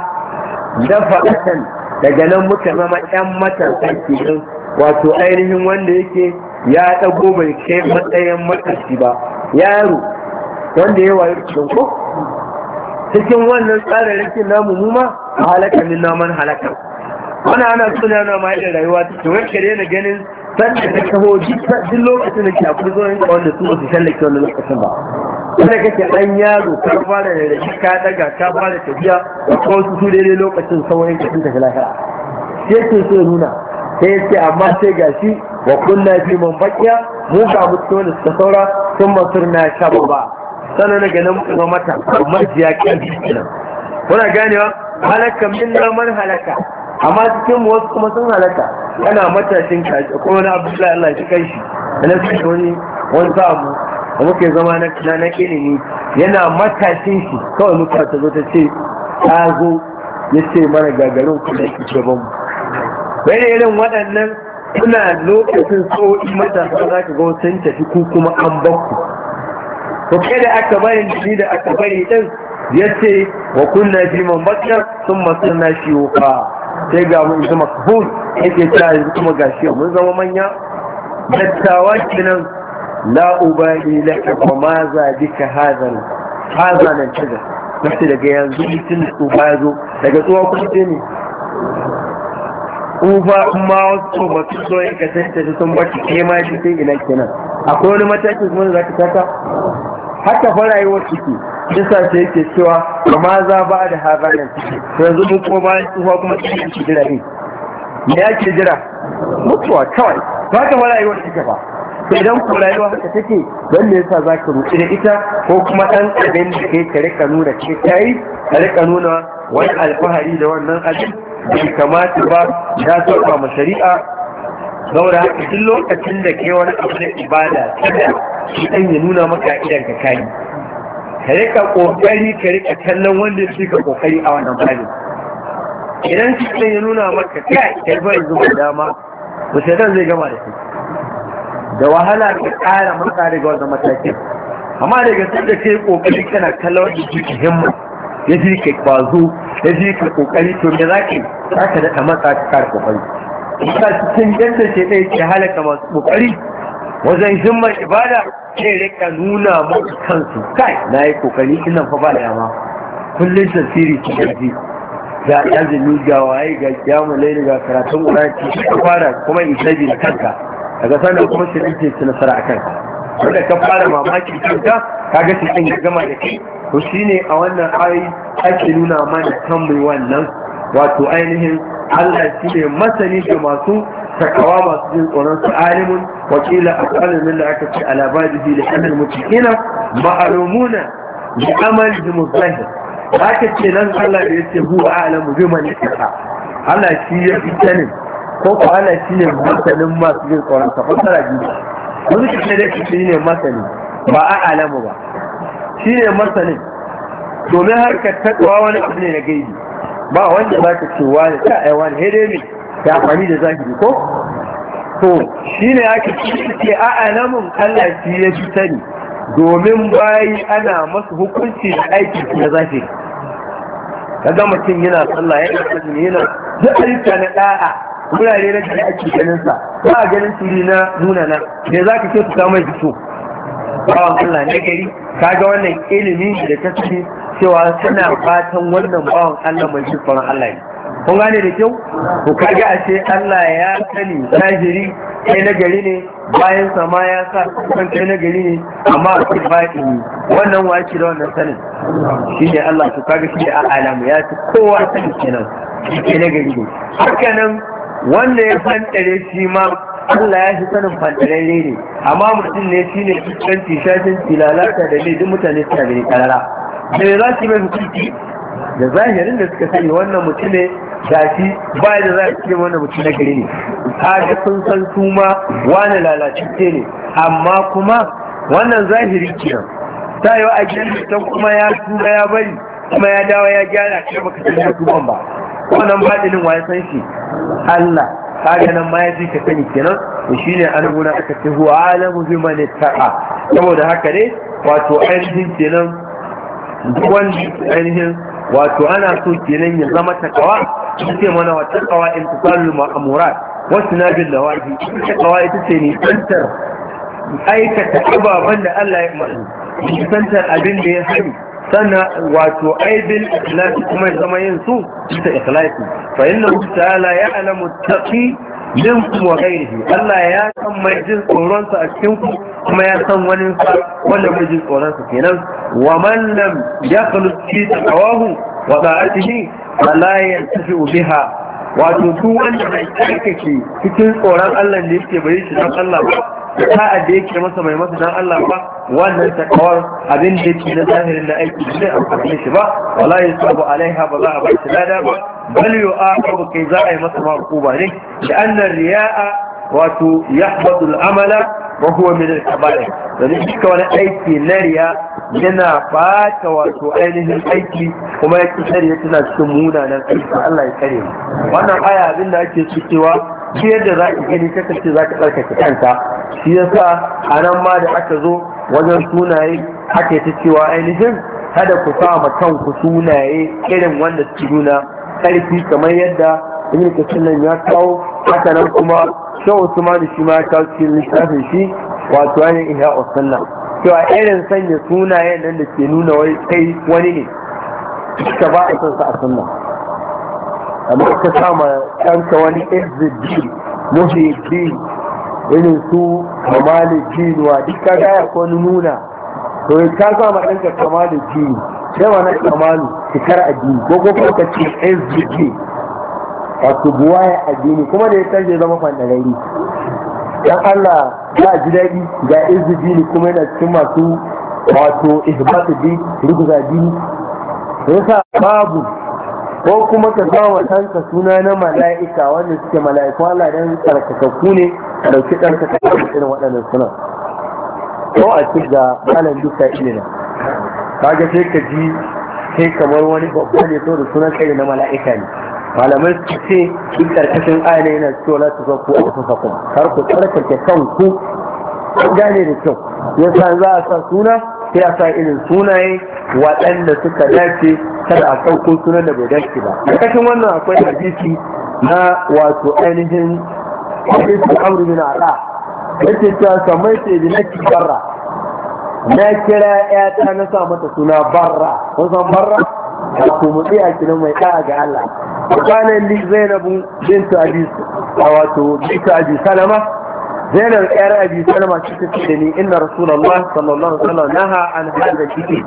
jafa'atan daga nan muka zama yan matasa kenan wato ainihin wanda yake ya ɗago bai kai matsayin matashi ba yaro wanda ya wayo cikin ko cikin wannan rikin namu mu a halakar min naman halakar. wani ana suna na ma yadda rayuwa ta ce wanka rena ganin sanda ta kawo duk lokacin da ke akwai zuwa yanka wanda su su shallake wani lokacin ba wanda kake dan yaro ka fara da rashi ka daga ka fara tafiya da kawo su su daidai lokacin sauran ka sun tafi lahira sai ce sai nuna sai ce amma sai gashi wa kunna fi mun bakiya mu ga mutu wanda suka saura sun masu na sha ba sana na ganin kuma mata majiya kan kuna ganewa halakka min man halakka amma cikin wasu kuma sun halaka yana matashin kaji kuma wani abdullahi Allah shi kai shi na fi wani wani abu da muke zama na na ilimi yana matashin shi kawai muka ta zo ta ce ta zo ya ce mana gagarin kuma yake gaban mu bai irin waɗannan suna lokacin so'i matasa za ka ga sun tafi ku kuma an bakku to kada aka bari shi da aka bari din yace wa kunna fi man bakar thumma sunna shi wufa sai ga mu zama kabul yake ta yi kuma gashi mun zama manya dattawa kenan la ubali laka wa ma za bika hadan hadan kaza nace daga yanzu mutum uba zo daga tsohon kuma ne uba ma wasu masu so ya kasance sun baki kai ma shi sai ina kenan akwai wani mataki kuma da za ka taka haka fa rayuwar ciki kisa ce yake cewa ma za ba da hazanin yanzu mu kuma bayan tsufa kuma cikin su jira ne me yake jira mutuwa kawai ba ka fa rayuwar ciki ba to idan ku rayuwa haka take don me yasa za ka ruɗi da ita ko kuma ɗan abin da kai ka rika nuna ke kai ka rika nuna wani alfahari da wannan abin bai kamata ba ya sauka ma shari'a gaura haka duk lokacin da ke wani abu na ibada tada shi ɗan ya nuna maka idan ka kayi ka rika kokari ka rika kallon wanda shi ka kokari a wannan bani idan shi ɗan ya nuna maka kai kai bai zuwa dama musaitan zai gama da shi da wahala ka ƙara maka daga wannan matakin amma daga sun da kai kokari kana kallon wanda shi ka himma ya ji ka kwazo ya ji ka kokari to me za ka yi za ka daɗa matsa ka ƙara kokari yana cikin yadda ce ɗaya ke halaka masu ƙoƙari wajen himmar ibada ne rika nuna masu kansu kai na yi ƙoƙari ina fa ba da yama kullum tasiri ke gaji ga azumi ga waye ga kyamu laili ga karatun ƙurani ka fara kuma isabi da kanka ga sanar kuma shi ɗin ce nasara a kanka wanda ka fara mamakin kanka ga shi ɗin gama da kai to shine a wannan ayi ake nuna mana kan mai wannan wato ainihin Allah shi ne masani ga masu takawa masu jin tsoron su alimun wakila a tsananin da aka ce alabadi bi da kanar mutukina ma'alumuna bi amal bi muzahir aka ce nan Allah da ya ce huwa alamu bi man yaka Allah shi ya fi sanin ko ko Allah shi ne masanin masu jin tsoron sa fasara biyu wani kashe da shi ne masani ba a alamu ba shi ne masanin domin harkar taɗuwa wani abu ne na gaibi ba wanda za ka ce wani ta ai wani hede ne da amfani da zahiri ko to shi ne ka ce a anamun Allah shi ya fi sani domin bayi ana masu hukunci da aikin na zahiri kaga mutum yana sallah yana azumi yana duk halitta na da'a wurare na da ake ganin sa ba a ganin turi na nuna na me za ka ce su jiso ba bawan Allah ne gari ga wannan ilimi da tasiri cewa suna fatan wannan bawan Allah mai shifan Allah ne kun gane da kyau ku kaga a ce Allah ya sani zahiri kai na gari ne bayan sama ya sa kan kai na gari ne amma a cikin baƙi ne wannan wace da wannan sanin shi ne Allah ku kaga shi a alamu ya ci kowa sani kenan kai na gari ne haka nan wanda ya fantare shi ma Allah ya fi sanin fantararre ne amma mutum ne shi ne fuskanci shashin tilalata da ne duk mutane suna gani karara da za ki yi mai mutunci da zahirin da suka sani wannan mutum ne da shi ba da za ce wannan mutum na gari ne kaga sun san su ma wani lalacece ne amma kuma wannan zahiri kenan ta yi a gidan ta kuma ya tuba ya bari kuma ya dawo ya gyara ce baka san ya tuban ba wannan baɗinin wa san shi Allah kaga nan ma ya ji ka sani kenan to shine an gona aka ce huwa alamu bi man ta'a saboda haka ne wato ainihin kenan duk wanda ainihin wato ana so kenan ya zama takawa ce mana wa takawa in tusallu ma'amurat wasu na bin lawaji takawa ita ce ne santar aikata ababen da Allah ya umarni tantar abin da ya hari sannan wato aibin ikhlasi kuma ya zama yin su bisa ikhlasi fa inna ta'ala ya'lamu taqi minkum wa ghairihi Allah ya san mai jin tsoron sa a cikin ku kuma ya san wani sa wanda mai jin tsoron sa kenan wa man lam yakhlu fi tawahu wa da'atihi fala yantafi biha wato su wanda bai tsarkake cikin tsoron Allah ne yake bai shi dan Allah ba da da yake masa mai masa dan Allah ba wannan takawar abin da yake na zahirin na aiki ba zai amfani shi ba wala yusabu alaiha ba za a ba shi lada ba bal yu'aqabu kai za a yi masa ma ne da annar riya'a wato yahbadu amala wa huwa min al-kaba'ir dan duka wani aiki na riya yana bata wato ainihin aiki kuma yake shari'a tana cikin munanan aiki Allah ya kare mu wannan aya abin da ake cikewa shi yadda za ki gani kaka ce za ka tsarkake kanta shi yasa a nan ma da aka zo wajen sunaye aka yi ta cewa ainihin kada ku sa ma kanku sunaye irin wanda su nuna karfi kamar yadda ibn kasir nan ya kawo haka nan kuma ma usman shi ma ya kawo cikin littafin shi wato ainihin ihya usanna cewa irin sanya sunaye nan da ke nuna kai wani ne ka ba a a sunna amma ka sama ɗanka wani exit muhibbi irin su kamali jinuwa duk ka gaya ko nuna to ka sa ma ɗanka kamali jini sai na kamalu cikar addini ko ko ka ce sdg wato buwaya addini kuma da ya canje zama fandarari dan Allah za ji daɗi ga sdg ne kuma yana cikin masu wato ihbatu din ruguza dini yasa babu ko kuma ka sa wa ɗanka suna na mala'ika wanda suke mala'iku Allah don tsarkakakku ne a ɗauki ɗanka ka sa irin waɗannan suna ko a ci ga malam duka ilina kaga sai ka ji sai kamar wani babba ne so da sunan kai na mala'ika ne malamai su ce in ƙarƙashin aya ne yana cewa la ta zaku a kusa kuma kar ku tsarkake kanku ku gane da kyau yasa za a sa suna sai a sa irin sunaye waɗanda suka dace kada a sauko sunan da bai dace ba A kashin wannan akwai hadisi na wato ainihin hadisin amru bin ala yace ta samai ce bi na barra na kira ƴata na sa mata suna barra Wasan san barra ko mutsi a kiran mai ɗaya ga Allah kwanan li zainabu bintu abi wato bintu abi salama zainab yar abi salma ce ta inna rasulullah sallallahu alaihi wasallam an hada kike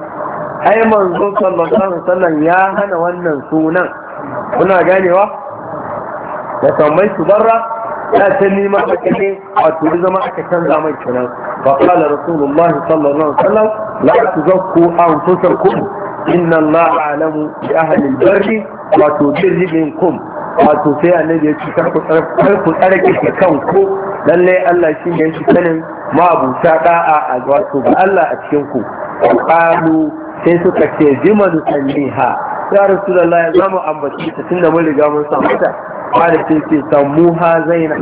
ai sallallahu alaihi ya hana wannan sunan kuna ganewa da tambayi su barra ya ce ni ma aka ne a turi zama aka canza mai sunan fa qala rasulullah sallallahu alaihi wasallam la tuzakku anfusakum inna allaha wato sai annabi ya ce kar ku tsarki ki kanku lallai Allah shi ne yake sanin ma'abuta da'a a wato ga Allah a cikin ku qalu sai suka ce jimanu sanniha ya rasulullahi za mu ambaci ta tunda mun riga mun samu ta qala sai ce zainab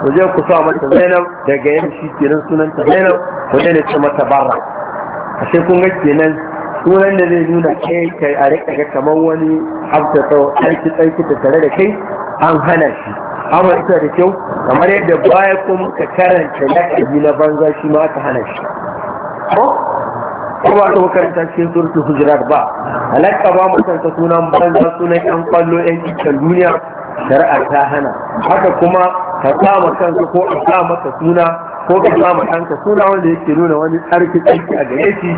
ku je ku sa mata zainab daga shi kenan sunanta zainab ku ne ta mata barra sai kun ga kenan sunan da zai nuna kai kai a rika ga kamar wani hafta tsawo aiki tsarki ta tare da kai an hana shi amma ita da kyau kamar yadda baya kuma ka karanta lakabi na banza shi ma aka hana shi ko kuma ta makaranta cikin surutu hujurat ba halakka ba ta sunan banza sunan yan kwallo yan cikin duniya shari'a ta hana haka kuma ka sa kanka ko a sa maka suna ko ka ba ma ɗanka suna wanda yake nuna wani tsarki tsarki a gare shi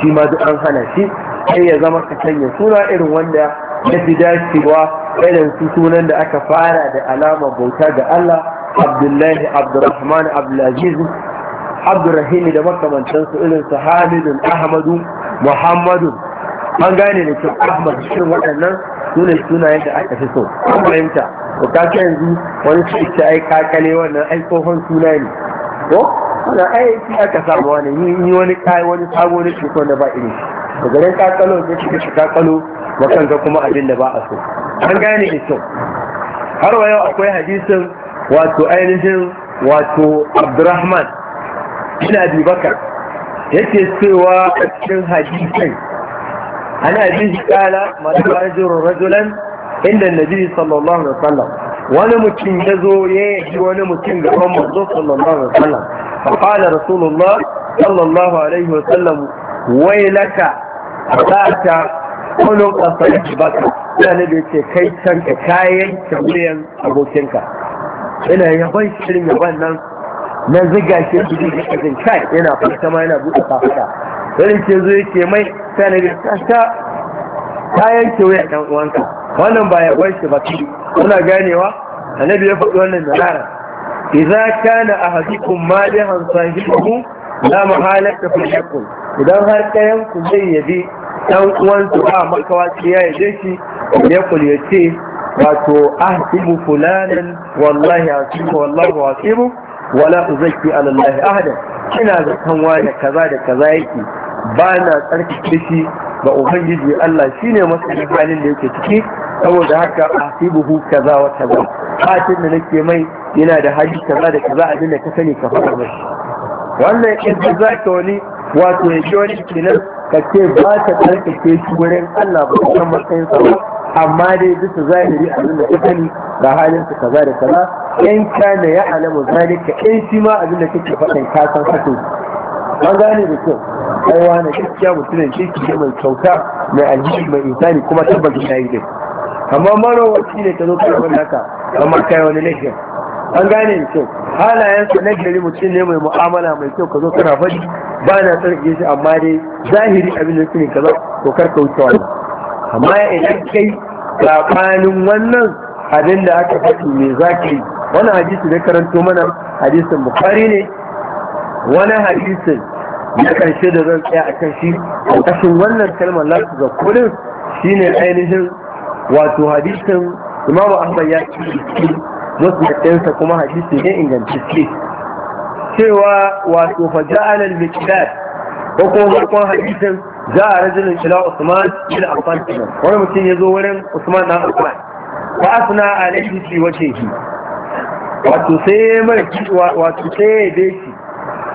shi ma duk an hana shi sai ya zama ka sanya suna irin wanda ya fi dacewa irin su sunan da aka fara da alama bauta ga Allah Abdullahi Abdurrahman Abdulaziz Abdurrahim da su, irin su Hamidun Ahmadu Muhammadu an gane da cewa Ahmad shirin waɗannan sunan sunayen da aka fi so an fahimta ko ka yanzu wani su ita ai kakale wannan ai tsohon suna ne ko Ana ai aka samu wani ni wani kai wani sabo ne shi da ba irin da garin kakalo ne shi shi kakalo wakan ga kuma abin da ba a so an gane ne kyau har wa yau akwai hadisin wato ainihin wato abdurrahman ina abubakar yake cewa a cikin hadisin ana abin shi kala masu rajulun rajulan inda nabi sallallahu alaihi wasallam wani mutum ya zo ya yi wani mutum ga gaban manzo sallallahu alaihi wasallam fa qala rasulullah sallallahu alaihi wasallam a sata kulun qasai baka yana da ce kai can ka kayan tambayan abokinka ina yaban shirin yaban nan na ziga shi biyu da cikin kai yana fata ma yana buɗe kafada wani ce zo yake mai sai na ta Ta yanke waya ɗan uwanka wannan ba ya uwanshi ba ki kuna ganewa annabi ya faɗi wannan da lara idza kana ahadukum malihan sahibuhu la mahalaka fi yakun idan har kayan ku zai yabi ɗan uwansu ba makawa ya yaje shi ya kulyace wato ahsibu fulanan wallahi asibu wallahu asibu wala uzakki ala allah ahada ina zaton wani kaza da kaza yake ba na tsarkake shi ga ubangiji Allah shine masanin halin da yake ciki saboda haka asibuhu kaza wa kaza fatin da nake mai yana da hali kaza da kaza a da ka sani ka faɗa mai wannan in za ka wani wato ya ji wani kenan ka ce ba ta tsarkake shi wurin Allah ba san matsayin sa ba amma dai bisa zahiri abin da ka sani ga halin sa kaza da kaza in kana ya alamu zalika in shi ma abin da kake faɗin ka san an gane da kyau ai wani gaskiya mutumin kirki ke mai kyauta mai aljihi mai insani kuma tabbas ya yi dai amma wasu ne ta zo kai wani haka kamar kai wani lafiya an gane da kyau halayensa na gari mutum ne mai mu'amala mai kyau ka zo kana faɗi ba na tsarki shi amma dai zahiri abin da suke kaza zo kar ka wuce wani amma idan kai tsakanin wannan abin da aka faɗi me zaki Wani hadisi da karanto mana hadisin bukari ne wani hadisin ya ƙarshe da zan tsaya a kan shi ƙarƙashin wannan kalmar lafi da kudin shine ainihin wato hadisin imamu ahmad ya ci wasu da kuma hadisi ne ingantacce cewa wato faja'al al-miqdad ko kuma farkon hadisin za a rajulun ila Usman ila Affan wani mutum ya zo wurin Usman na Affan wa asna alaihi fi wajhihi wato sai mai wato sai ya dai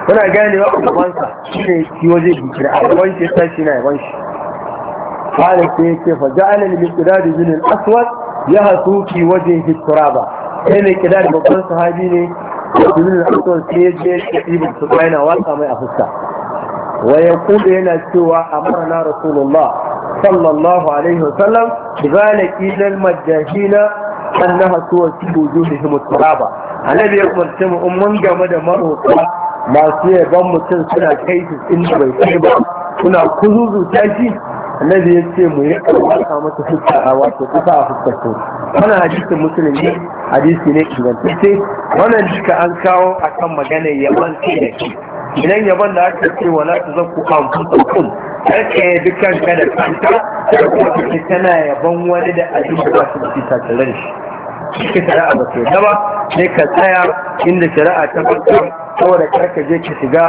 kuna gane wa ubansa shine ne shi waje bikira a gaban shi shi na yaban shi kala ke ce fa ja'ala li bidadi min al aswad yahsu fi wajhihi turaba sai ne qidad babban sahabi ne bin al aswad sai ya je ya tibi su baina waka mai a fuska wa yaqulu yana cewa amarna rasulullah sallallahu alaihi wasallam zalika idan majahina annaha tuwasi wujuhihim turaba annabi ya kuma tsamu umman game da marota masu yaban mutum suna kai su inda bai kai ba suna kuzuzu tashi annabi ya ce mu yi karwata mata fuska a wato kusa a fuskarsu wannan hadisin musulmi hadisi ne ingantacce wannan duka an kawo a kan magana yaban ce da shi idan yaban da aka ce wa wala zan ku an fuskakun karka ya dukkan kada kanta da kuma tana yaban wani da a da ba su da shi shi cikin shari'a ba su yadda ba sai ka tsaya inda shari'a ta bata saboda karka je ka shiga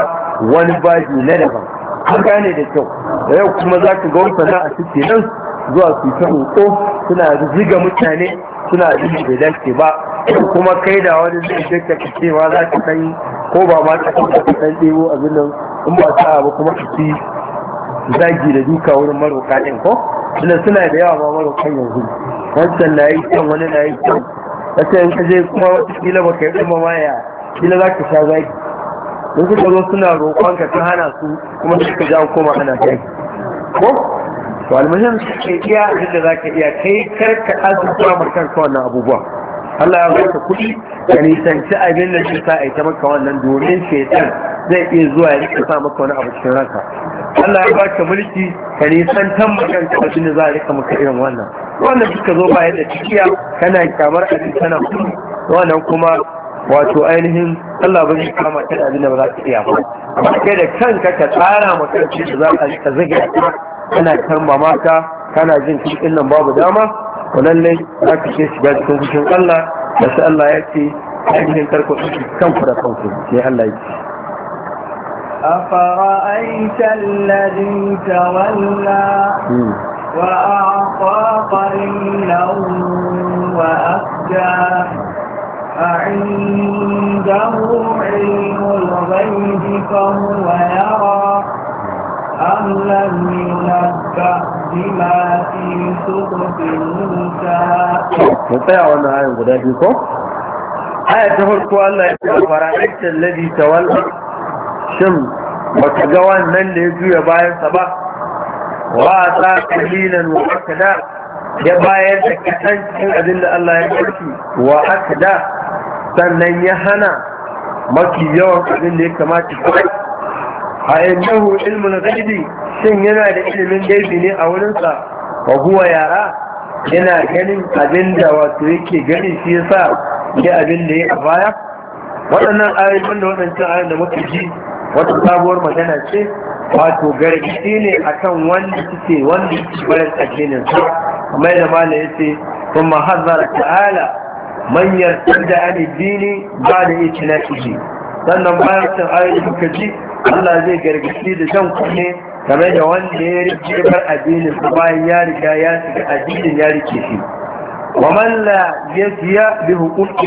wani baji na daban an gane da kyau da yau kuma za ka ga wata na a ciki nan zuwa su ta roƙo suna ziga mutane suna jin bai dace ba kuma kai da wani zai je ka cewa za ka san ko ba ma ka san ka san ɗebo a nan in ba ta ba kuma ka ci zagi da duka wurin maroƙa ɗin ko suna da yawa ma maroƙan yanzu wancan na yi kyan wani na yi kyan wata yanka zai kuma kila ba ka yi kuma maya kila za ka sha zaki in suka zo suna roƙon ka ta hana su kuma ka ja koma ana zaki ko to almuhim ka iya abin za ka iya kai kar ka azurfa ma wannan abubuwa Allah ya baka kuɗi ka nisanci abin da shi sa ta maka wannan domin shaitan zai iya zuwa ya rika sa maka wani abu cikin ranka Allah ya baka mulki ka nisantan makanka abin da za a rika maka irin wannan wannan suka zo bayan da cikiya kana kyamar abin kana kuɗi wannan kuma wato ainihin Allah ba zai kama ta da abin da ba za ka iya ba amma kai da kanka ka tsara maka da za a ka zaga kana kan mamaka kana jin cikin nan babu dama to lallai za ka ke shiga cikin fushin Allah da sai Allah ya ce ainihin karko kanku da kanku sai Allah ya ce أفرأيت الذي تولى hmm. وأعطى قليلا وأكدى أعنده علم الغيب فهو يرى أم لم ينبأ بما في صحف موسى مطيع وانا آية قد أجلكم آية تفرقوا الله يقول فرأيت الذي تولى شم وتجوان من ليجو يباين سبا وأعطى قليلا وأكدا يباين تكتن أدل الله يكفي وأكدا sannan ya hana mafi yawan abin da ya kamata kawai a innahu ilmin ghaibi shin yana da ilimin gaibi ne a wurinsa wa huwa yara yana ganin abin da wato yake gani shi yasa ya abin da ya a baya waɗannan ayoyin da waɗancan ayoyin da muka ji wata sabuwar magana ce wato gargaɗi ne akan wanda suke wanda suke barin addinin su kamar da malam yace kuma hazara ta'ala manyan yarda da addini ba da itinaki sannan bayan cin ayoyi kuka ji Allah zai gargashi da shan kunne game da wanda ya rike bar addinin su bayan ya riga ya shiga addinin ya rike shi wa man la yasiya bi huquqi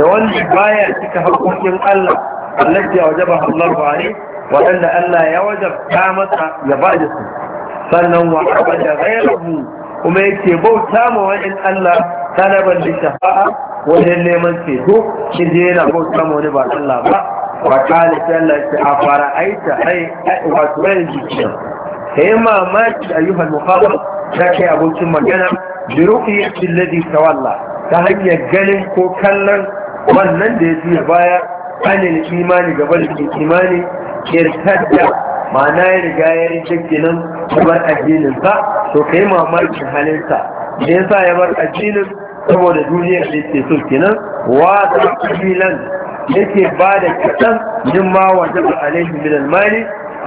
da wanda baya cika haƙoƙin Allah allati wajaba Allahu alayhi waɗanda Allah ya wajabta masa ya ba da su sannan wa abada ghayruhu kuma yake bauta ma wa'in Allah talaban da shafa'a wajen neman ceto shi je yana ko wani ba Allah ba wa kala ta Allah ce a fara aita ai wa rai jikiya ka yi mamaki ayyuhal muhammad za kai abokin magana bi ru'yati alladhi tawalla ta hanyar ganin ko kallon wannan da ya juya baya anil imani gaban imani da ma'ana ya riga ya rike nan ya bar addinin sa to kai mamakin halinsa Me yasa ya bar addinin saboda duniyar da yake so kenan wa ta yake ba da kaɗan min ma wajaba alaihi min almali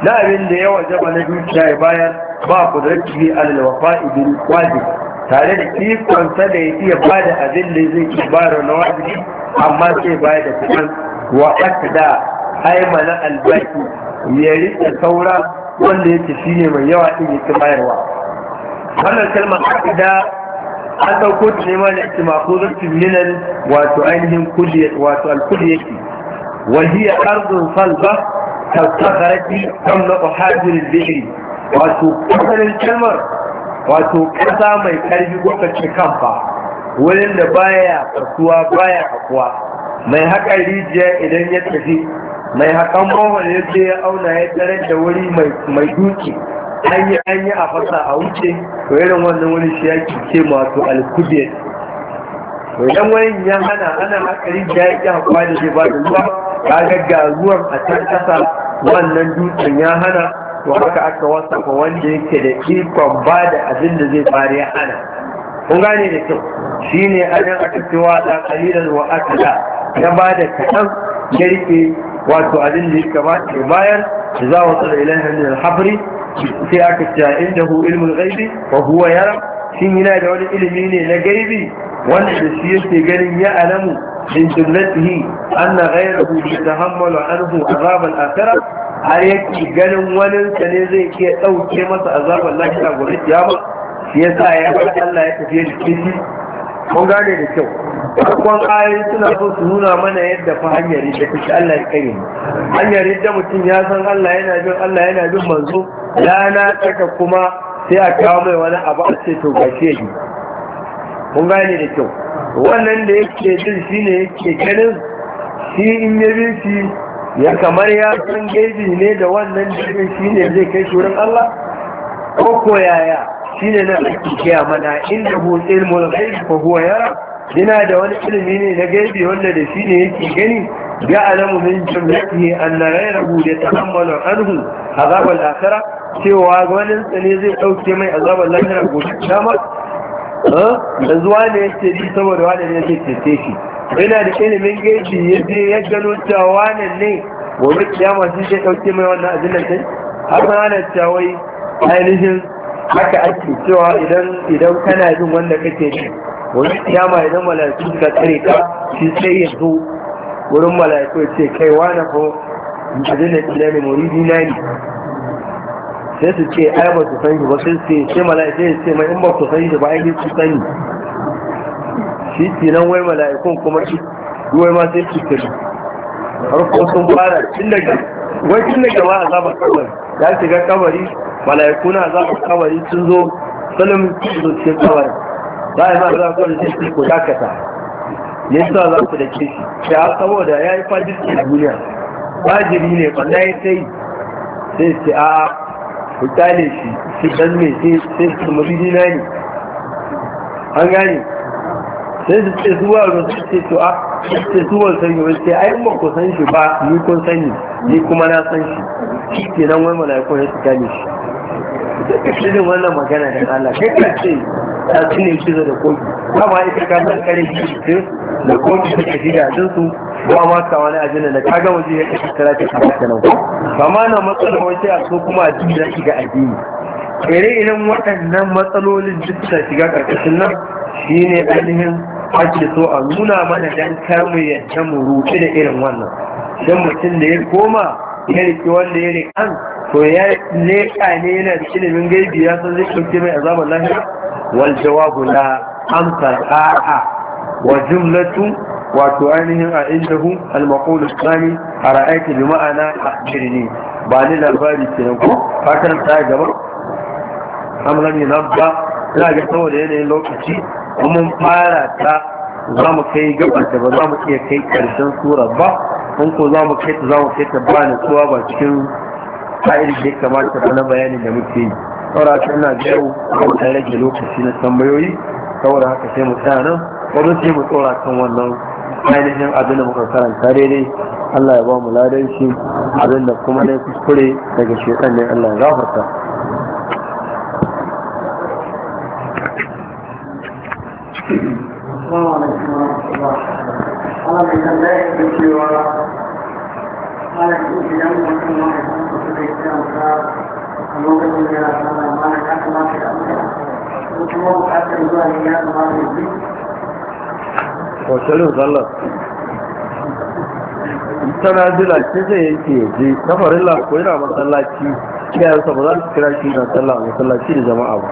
na abin da ya wajaba na dukiya ya bayar ba kudratihi alal wafa'i bil wajib tare da ikonsa da ya ba da abin da zai iya bayar na wajibi amma sai baya da kaɗan wa da aimana albaki ya riƙe saura wanda yake shine mai yawa ɗin yake bayarwa wannan kalmar akida an ɗauko ta nema da ake mafuzatun minan wato ainihin wato alkuliyaki wahiyya arzun salba tattakarati kan na ƙwahajirin bihiri wato kusurin kalmar wato kasa mai karfi gwakacin kamfa wurin da baya kasuwa baya akuwa mai haƙa rijiya idan ya tafi mai haƙan mawar ya ce ya auna ya tare da wuri mai duki an yi a fasa a wuce to irin wannan wani shi ya ce masu alkubiyar to idan wani ya hana ana hakari da ya ƙi hakuwa da zai ba da ruwa ka gagga ruwan a can ƙasa wannan dutsen ya hana to haka aka wasafa wanda yake da ikon ba da abin da zai fara ya hana kun gane da kyau Shi ne anan aka cewa da kalilan wa da ya ba da kaɗan ya rike wato abin da ya kamata ya bayar da za wasu da ilahin da alhabri sai aka ce inda hu ilmul ghaibi wa huwa yara shin yana da wani ilimi ne na gaibi wanda da shi yake ganin ya alamu min jumlatihi anna ghayrahu yatahammalu anhu azab al-akhirah har yake ganin wani sa ne zai iya dauke masa azabar lafiya gobe kiyama shi yasa ya Allah ya tafi da kishi mun gane da kyau farkon ayoyi suna so su nuna mana yadda fa hanyar da take Allah ya kai mu hanyar da mutum ya san Allah yana bin Allah yana bin manzo lana tsaka kuma sai a kawo mai wani abu a ce to gashi yi mun gane da kyau wannan da yake jin shine yake kanin shi in ya bin shi ya kamar ya san gaji ne da wannan da shi ne zai kai shi wurin Allah ko ko yaya shine na ake gaya mana inda hu ilmul ghaib fa huwa yara yana da wani ilimi ne na gaibi wanda da shi ne yake gani ya alamu min jumlatihi anna ghayrahu yatahammalu anhu azab al-akhirah cewa wani tsane zai dauke mai azabar lahira gobe dama da zuwa ne yake bi saboda wani ne yake tete shi yana da ilimin gaibi ya je ya gano cewa wani ne gobe kiyama shi zai dauke mai wannan azinan kai haka ana cewa ainihin haka ake cewa idan idan kana jin wanda kake ji wani kiyama idan malaiku suka tsare ka shi sai ya zo wurin malaiku ya ce kai wani ko madina ila ne muridi na ne sai su ce ai ba su san shi ba sai su ce malaiku ya ce mai in ba su san shi ba ai su sani shi ke nan wai mala'ikun kuma shi wai ma sai su kiri har sun fara tun daga wai tun daga ba a zaba kawai ya shiga kamari malaikuna za su kawai sun zo salim sun zo cikin kawari za a yi masu zafi da shi ko dakata ne sa za su da ke shi ya saboda ya yi fajirci a duniya fajiri ne kwanna ya sai sai ce a ku ne shi shi dan me sai su mabidi na ne an gane sai su ce zuwa rusu ce to a ce zuwa sanyi wani ce ai ba ku san shi ba ni kun sani ni kuma na san shi shi ke nan wani malaikun ya su ne shi irin wannan magana da Allah kai ka ce ta cinin cizo da koki ba ma ita ka san kare eh, cikin da koki suka da gajin su ba ma ka wani ajina da ka ga waje ya kashe kara ta kasa ta nan ba ma na matsala wace a so kuma addini da shiga addini ire irin waɗannan matsalolin duk da shiga ƙarƙashin nan shine ainihin ake so a nuna mana dan kar mu yadda mu rufe da irin wannan dan mutum da ya koma ya riki wanda ya rikan to ya leƙa ne yana da ilimin gaibi ya san zai ɗauke mai azabar lahira wal jawabu la amsa a'a wa jumlatu wato ainihin a indahu al-maqulu tsani a ra'ayki bi ma'ana akhbirni ba ni labari kenan ko fatan ta gaba amlan yanabba ina ga saboda yanayin lokaci kuma fara ta za mu kai gabar da ba za mu iya kai karshen sura ba kun ko za mu kai za mu kai ta ba ni kowa ba cikin ta'ir da ya kamata ba na bayani da muke yi saboda haka ina ga yau kuma ta rage lokaci na tambayoyi saboda haka sai mu tsaya nan wani sai mu tsora kan wannan ainihin abin da muka karanta daidai Allah ya ba mu ladanci abin da kuma na kuskure daga shekaru ne Allah ya gafarta idan mutum wanda su suka yi kiransa a lokacin yana sana mana ya kamata ya amsa ko kuma bukatar zuwa ne ya kamata ya bi kokarin sallar tana jila ce zai yanke ya je na farilla ko yana masallaci kiyayensa ba za su kira shi na sallah masallaci da jama'a ba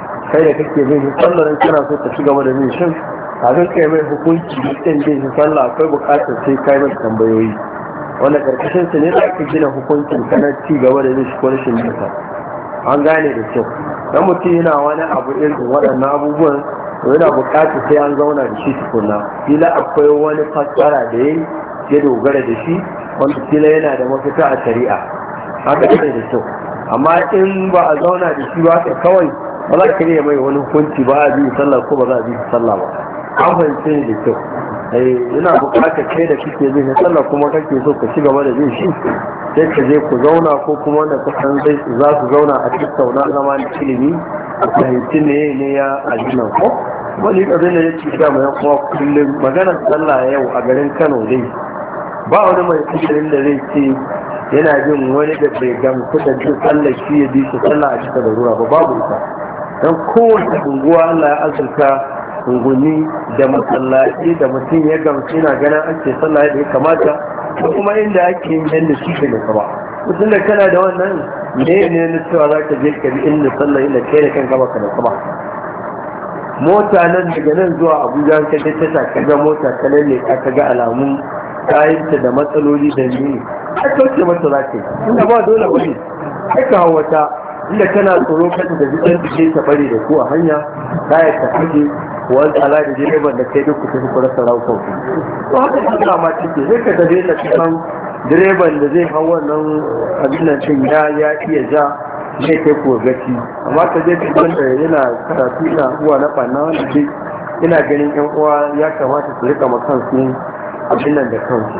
kai da kake bin shi sallar kana so ka ci gaba da bin shin kafin kai mai hukunci mutum bin shi sallah akwai bukatar sai kai mai tambayoyi wanda karkashin su ne za ka gina hukuncin kana ci gaba da bin shi ko rashin bin an gane da kyau dan mutum yana wani abu irin waɗannan abubuwan yana bukatar sai an zauna da shi tukuna kila akwai wani fassara da yayi ya dogara da shi wanda kila yana da mafita a shari'a haka gane da kyau amma in ba a zauna da shi ba ka kawai ba za ka iya mai wani hukunci ba a bi sallah ko ba za a bi sallah ba an fahimce da kyau eh ina bukatar kai da kike bi ne sallah kuma kake so ka ci gaba da bin shi sai ka je ku zauna ko kuma wanda ka zai za su zauna a tattauna zama da ilimi fahimci ne ne ya aljinan ko wani abin da ya ci mai kuma kullum maganar sallah yau a garin Kano dai ba wani mai kusurin da zai ce yana jin wani da bai gamsu da duk sallah shi ya bi su sallah a cika da ba babu ita don kowace unguwa Allah ya azurta unguni da masallaci da mutum ya gamsu yana ganin ake sallah da ya kamata ko kuma inda ake yin yadda shi nufa ba mutum da kana da wannan ne ne na cewa za ka je ka bi inda sallah inda kai da kan gaba ka da ba mota nan daga nan zuwa abuja ka je ta ta ga mota ka lalle ka ga alamu kayanta da matsaloli da ne a kauce mata za ka yi inda ba dole ba ne hawa ta. inda kana tsoro kan da jikin jikin ta bare da ku a hanya kaya ta kaje an tsala da direban da kai duk ku tafi kura saraukan ku to haka ta kama take zai ka dabe ta cikin direban da zai hau wannan abin nan cin ya ya iya ja zai kai ku gaci amma ka je cikin da yana karatu na uwa na ɓanna wanda dai ina ganin yan uwa ya kamata su rika su abin nan da kansu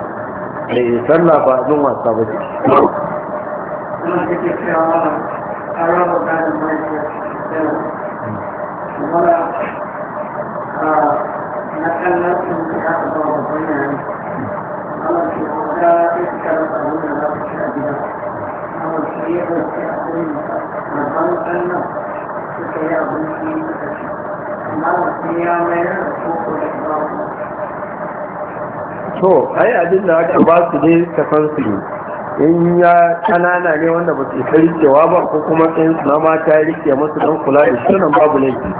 da eh, sallah ba abin wasa ba ce However, that is my ولا نتكلم في انتخاب الضوء بينهم على الشهداء يتكلمون لا تشاهدون أو الشريع يتكلمون نظرت أنه تتيابون في مرة قيامين حقوق الإحضار to ai abin da aka ba su dai ta fansu in ya kanana ne wanda ba su rikewa ba ko kuma su na mata ya rike masu don kula da shi nan babu laifi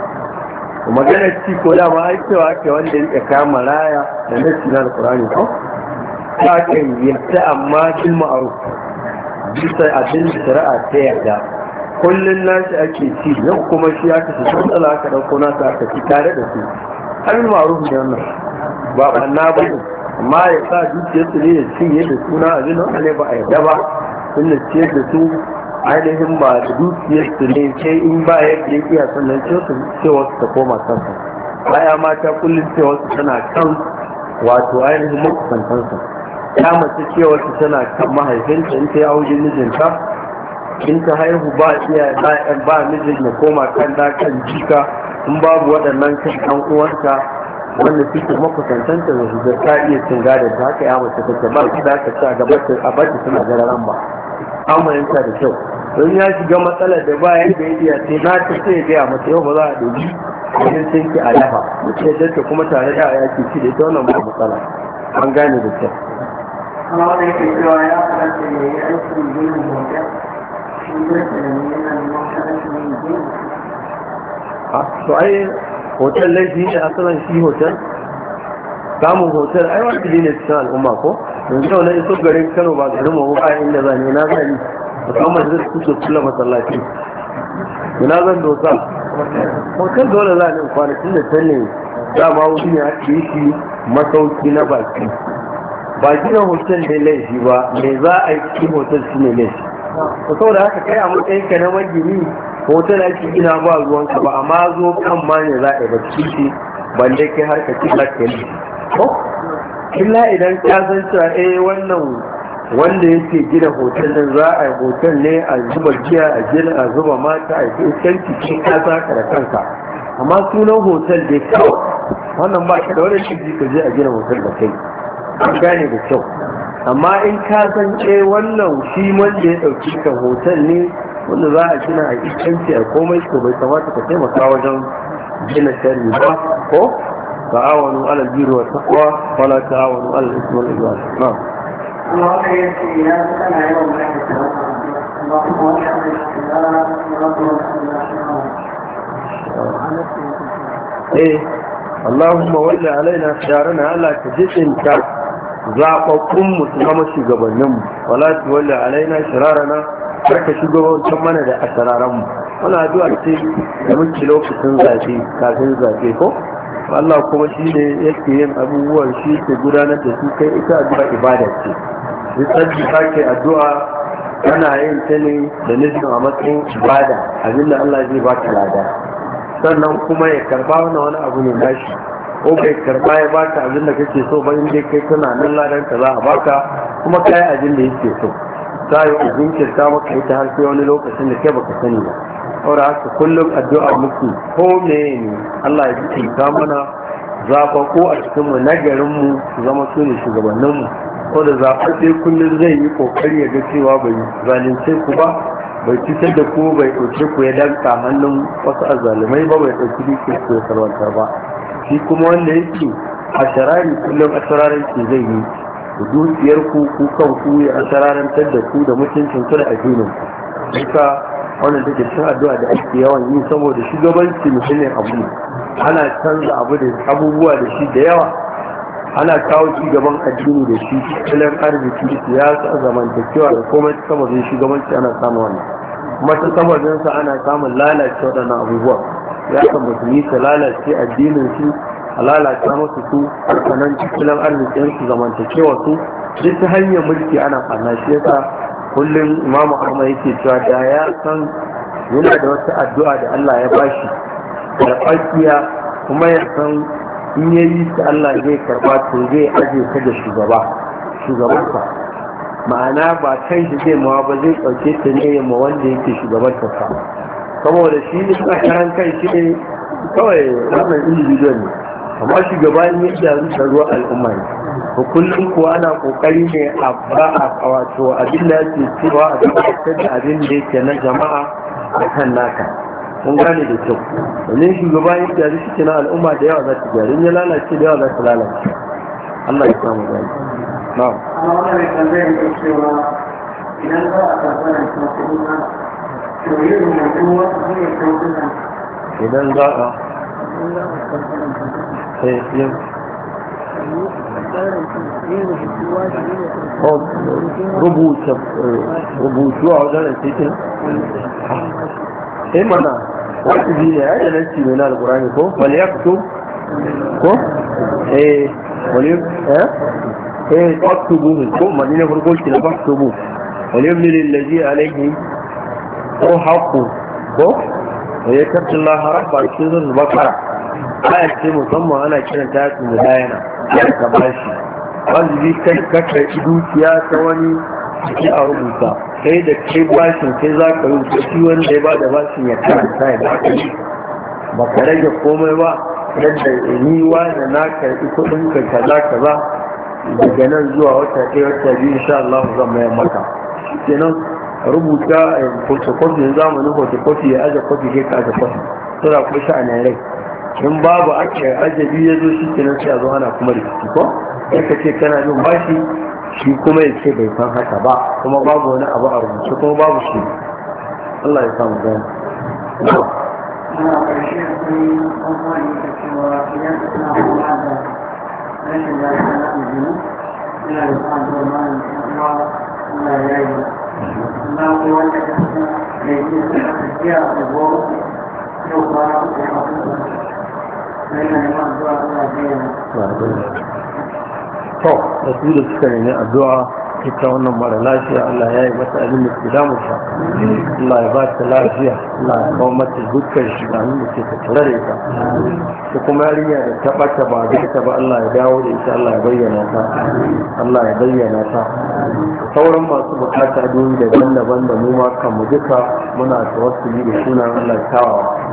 magana ci ko da ai aikewa ake wanda ya kama raya da cina na kurani ko ta kan yadda amma cin ma'ruf bisa abin shari'a ta yarda na nashi ake ci yau kuma shi ya aka sun tsala aka dauko nasa aka ci tare da su har ma'ruf ne wannan ba banna ba ne amma ya sa su ne ya cinye da suna a abin nan ba a yarda ba sun da ce da su ainihin ba da su ne sai in ba ya ke iya sannan ce su ta koma kansa baya mata kullum ce wasu tana kan wato ainihin makusantansa ya mace cewa wasu tana kan mahaifinta in ta yi auji mijinta in ta haihu ba iya ba mijin ya koma kan da kan jika in babu waɗannan kan ɗan uwanta wanda suke makusantanta da su ta iya cin gada ta haka ya mace take ba su da aka sa gaba ta a bata suna gararan ba amayanta da kyau don ya shiga matsalar da ba yadda ya iya sai na ta sai ya gaya mata yau ba za a ɗauki wajen sai ki a yafa mutum ya dace kuma tare da ya ke ci da ita wannan ba matsala an gane da kyau. Kuma wanda yake cewa ya faɗa da ya yi aikin gini hotel, shi ne da yana neman karanta ne gini. Ah, to ai hotel laifi da asalan shi hotel samun hotel ai wata ne ne cikin al'umma ko yanzu yau na iso garin kano ba garin mu ba inda za ne na zani musamman zai su ke kula masallaci ina zan dosa hotel dole za ne kwanakin da can ne za ma wuce ne a shi masauki na baki ba na hotel ne laifi ba me za a yi cikin hotel shine ne laifi saboda haka kai a matsayin ka na magini hoton ake gina ba ruwanka ba amma zo kan ma ne za a yi bacci shi balle kai har ka ci ka yi ko illa idan ka san cewa eh wannan wanda yake gina hoton nan za a yi hoton ne a zuba giya a gina a zuba mata a yi kan cikin kasa ka da kanka amma sunan hoton da kyau wannan ba ka da wani shi ka je a gina hoton da kai an gane da kyau amma in ka san eh wannan shi wanda ya ɗauki ka hoton ne wanda za a gina a iskanci a komai ko bai kamata ka taimaka wajen gina shari'a ba ko ka ta'awanu alal birri wa taqwa wa la ta'awanu alal ismi wal udwan na'am eh Allahumma walli alaina sharana Allah ta jidinta zaɓaɓɓun mu su zama shugabanninmu wala ta walli alaina shirarana ka can mana da asararanmu wani addu'a ce da muke lokacin zafi kafin zafi ko Allah kuma shi ne yake yin abubuwan shi ke gudanar da su kai ita addu'a ibada ce ji sake addu'a ana yin ta ne da nufin a matsayin ibada abinda Allah zai ba ta lada sannan kuma ya karba wani wani abu ne nashi ko bai karba ya baka abin da kake so ba in dai kai kana nan ladan za a baka kuma kai abin da yake so ta yi jinkirta maka ita har sai wani lokacin da kai baka sani ba saboda haka kullum addu'a muku ko me ne Allah ya jikinta mana ko a cikin mu na garin mu su zama su ne shugabannin mu saboda sai kullum zai yi kokari ya ga cewa bai zalunce ku ba bai cutar da ku bai ɗauke ku ya danka hannun wasu azzalumai ba bai ɗauki dukkan su ya salwantar ba shi kuma wanda yake a shirari kullum a shararin ke zai yi dukiyar ku ku ku ya sararantar da ku da mutuncin ku da addinin ku duka wannan take cikin addu'a da ake yawan yi saboda shugabanci mutumin abu ana canza abu da abubuwa da shi da yawa ana kawo ci gaban addini da shi tattalin arziki siyasa zamantakewa da komai ta sababin shugabanci ana samun wannan kuma ta sababinsa ana samun lalace waɗannan abubuwa ya kan musulmi ta lalace addinin shi. a lalata musu su nan cikin arzikin su zamantakewa su duk ta hanyar mulki ana ɓarna shi yasa kullum imamu ahmad yake cewa da ya san yana da wata addu'a da allah ya bashi karɓaƙiya kuma ya san in ya yi su allah zai karɓa to zai aje ka da shugaba shugabansa ma'ana ba kan shi zai mawa ba zai ɗauke ta ne ma wanda yake shugabansa sa saboda shi ne karan kai shi ne kawai wannan individual ne amma shugaba ne da rusa ruwa al'umma ne ba kullum kuwa ana kokari ne a ba a wato abin da yake cewa a tabbatar da abin da yake na jama'a a kan naka mun gane da kyau domin shugaban ya da shi na al'umma da yawa za ta gyaru ya lalace da yawa za ta lalace Allah ya samu gani na'am idan za a idan za a طيب ربو شب ربو شو عودة نسيتنا إيه منا وقت دي هذا نسي من القرآن كو فليكتب كو إيه وليب ها إيه تكتبوا كو ما دينا فرقول كلا تكتبوا وليبني للذي عليه هو حقه كو ويكتب الله ربا كذا البقرة aya ce musamman ana kiran ta su mudayana ya ka bashi wanda zai kai kaka dukiya ta wani ciki a rubuta kai da kai bashin kai za ka rubuta shi wanda ya ba da bashin ya ta ya ba ba ka rage komai ba yadda ni wani na karɓi kuɗin ka kaza kaza daga nan zuwa wata ɗaya wata biyu insha Allah zan mayar maka kenan rubuta fotokofi eh, zamanin fotokofi ya aje kofi ke ka aje kofi sura a nan rai in babu ake ajabi ya zo shi kenan sai a zo ana kuma rikici ko sai ka ce kana jin bashi shi kuma ya ce bai san haka ba kuma babu wani abu a rubuce kuma babu shi Allah ya samu gani ana ƙarshe da suna da jini da ya ta to da su da suka nemi addu'a ita wannan mara lafiya Allah ya yi mata abin da ke damu ta Allah ya ba ta lafiya Allah ya kawo mata dukkan shiganin da ke tattare da ita da kuma yarinya da ta bata ba da ita ba Allah ya dawo da ita Allah ya bayyana ta Allah ya bayyana ta sauran masu bukata duniya daban-daban da mu ma kan mu duka muna tawassuli da sunan Allah tawawa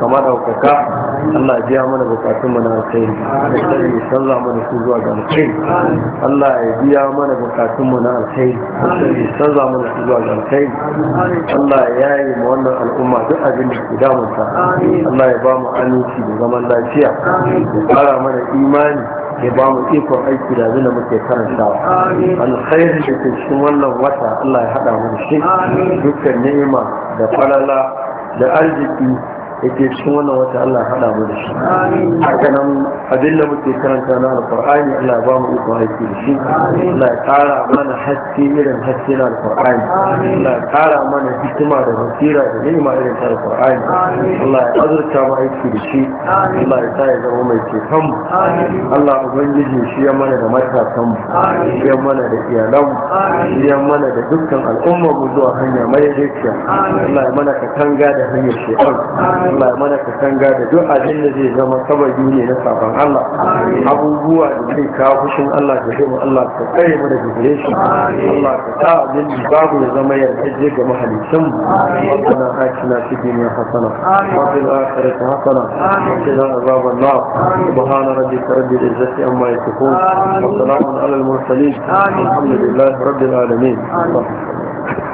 kama da daukaka Allah ya biya mana bukatun mu na alkhairi Allah ya sallah mana su zuwa ga alkhairi Allah ya biya mana bukatun mu na alkhairi Allah ya sallah mana su zuwa ga alkhairi Allah ya yi mu wannan al'umma duk abin da ke damun ta Allah ya ba mu aminci da zaman lafiya ya fara mana imani ya ba mu ikon aiki da zina muke karantawa alkhairi da ke cikin wannan wata Allah ya haɗa mu da shi dukkan ni'ima da falala da arziki yake cikin wannan wata Allah haɗa mu da shi haka nan abin da muke karanta na alƙur'ani Allah ba mu iko aiki da shi Allah ya ƙara mana haske irin haske na alƙur'ani Allah ya ƙara mana hikima da basira da nima irin ta alƙur'ani Allah ya azurta mu aiki da shi Allah ya sa ya zama mai ceton mu Allah ubangiji shi ya mana da matasan mu shi ya mana da iyalan mu shi ya mana da dukkan al'umma mu zuwa hanya mai daidaiya Allah ya mana katanga da hanyar shekaru Allah ya mana katanga da duk abin da zai zama sababi ne na sabon Allah abubuwa da zai kawo fushin Allah da zai Allah ka tsare mu da gare shi Allah ka sa abin da babu ya zama yardaje ga mahalicin mu a آتنا في الدنيا حسنة وفي الآخرة حسنة وقنا عذاب النار سبحان ربك رب العزة عما يصفون وسلام على alal الحمد لله رب العالمين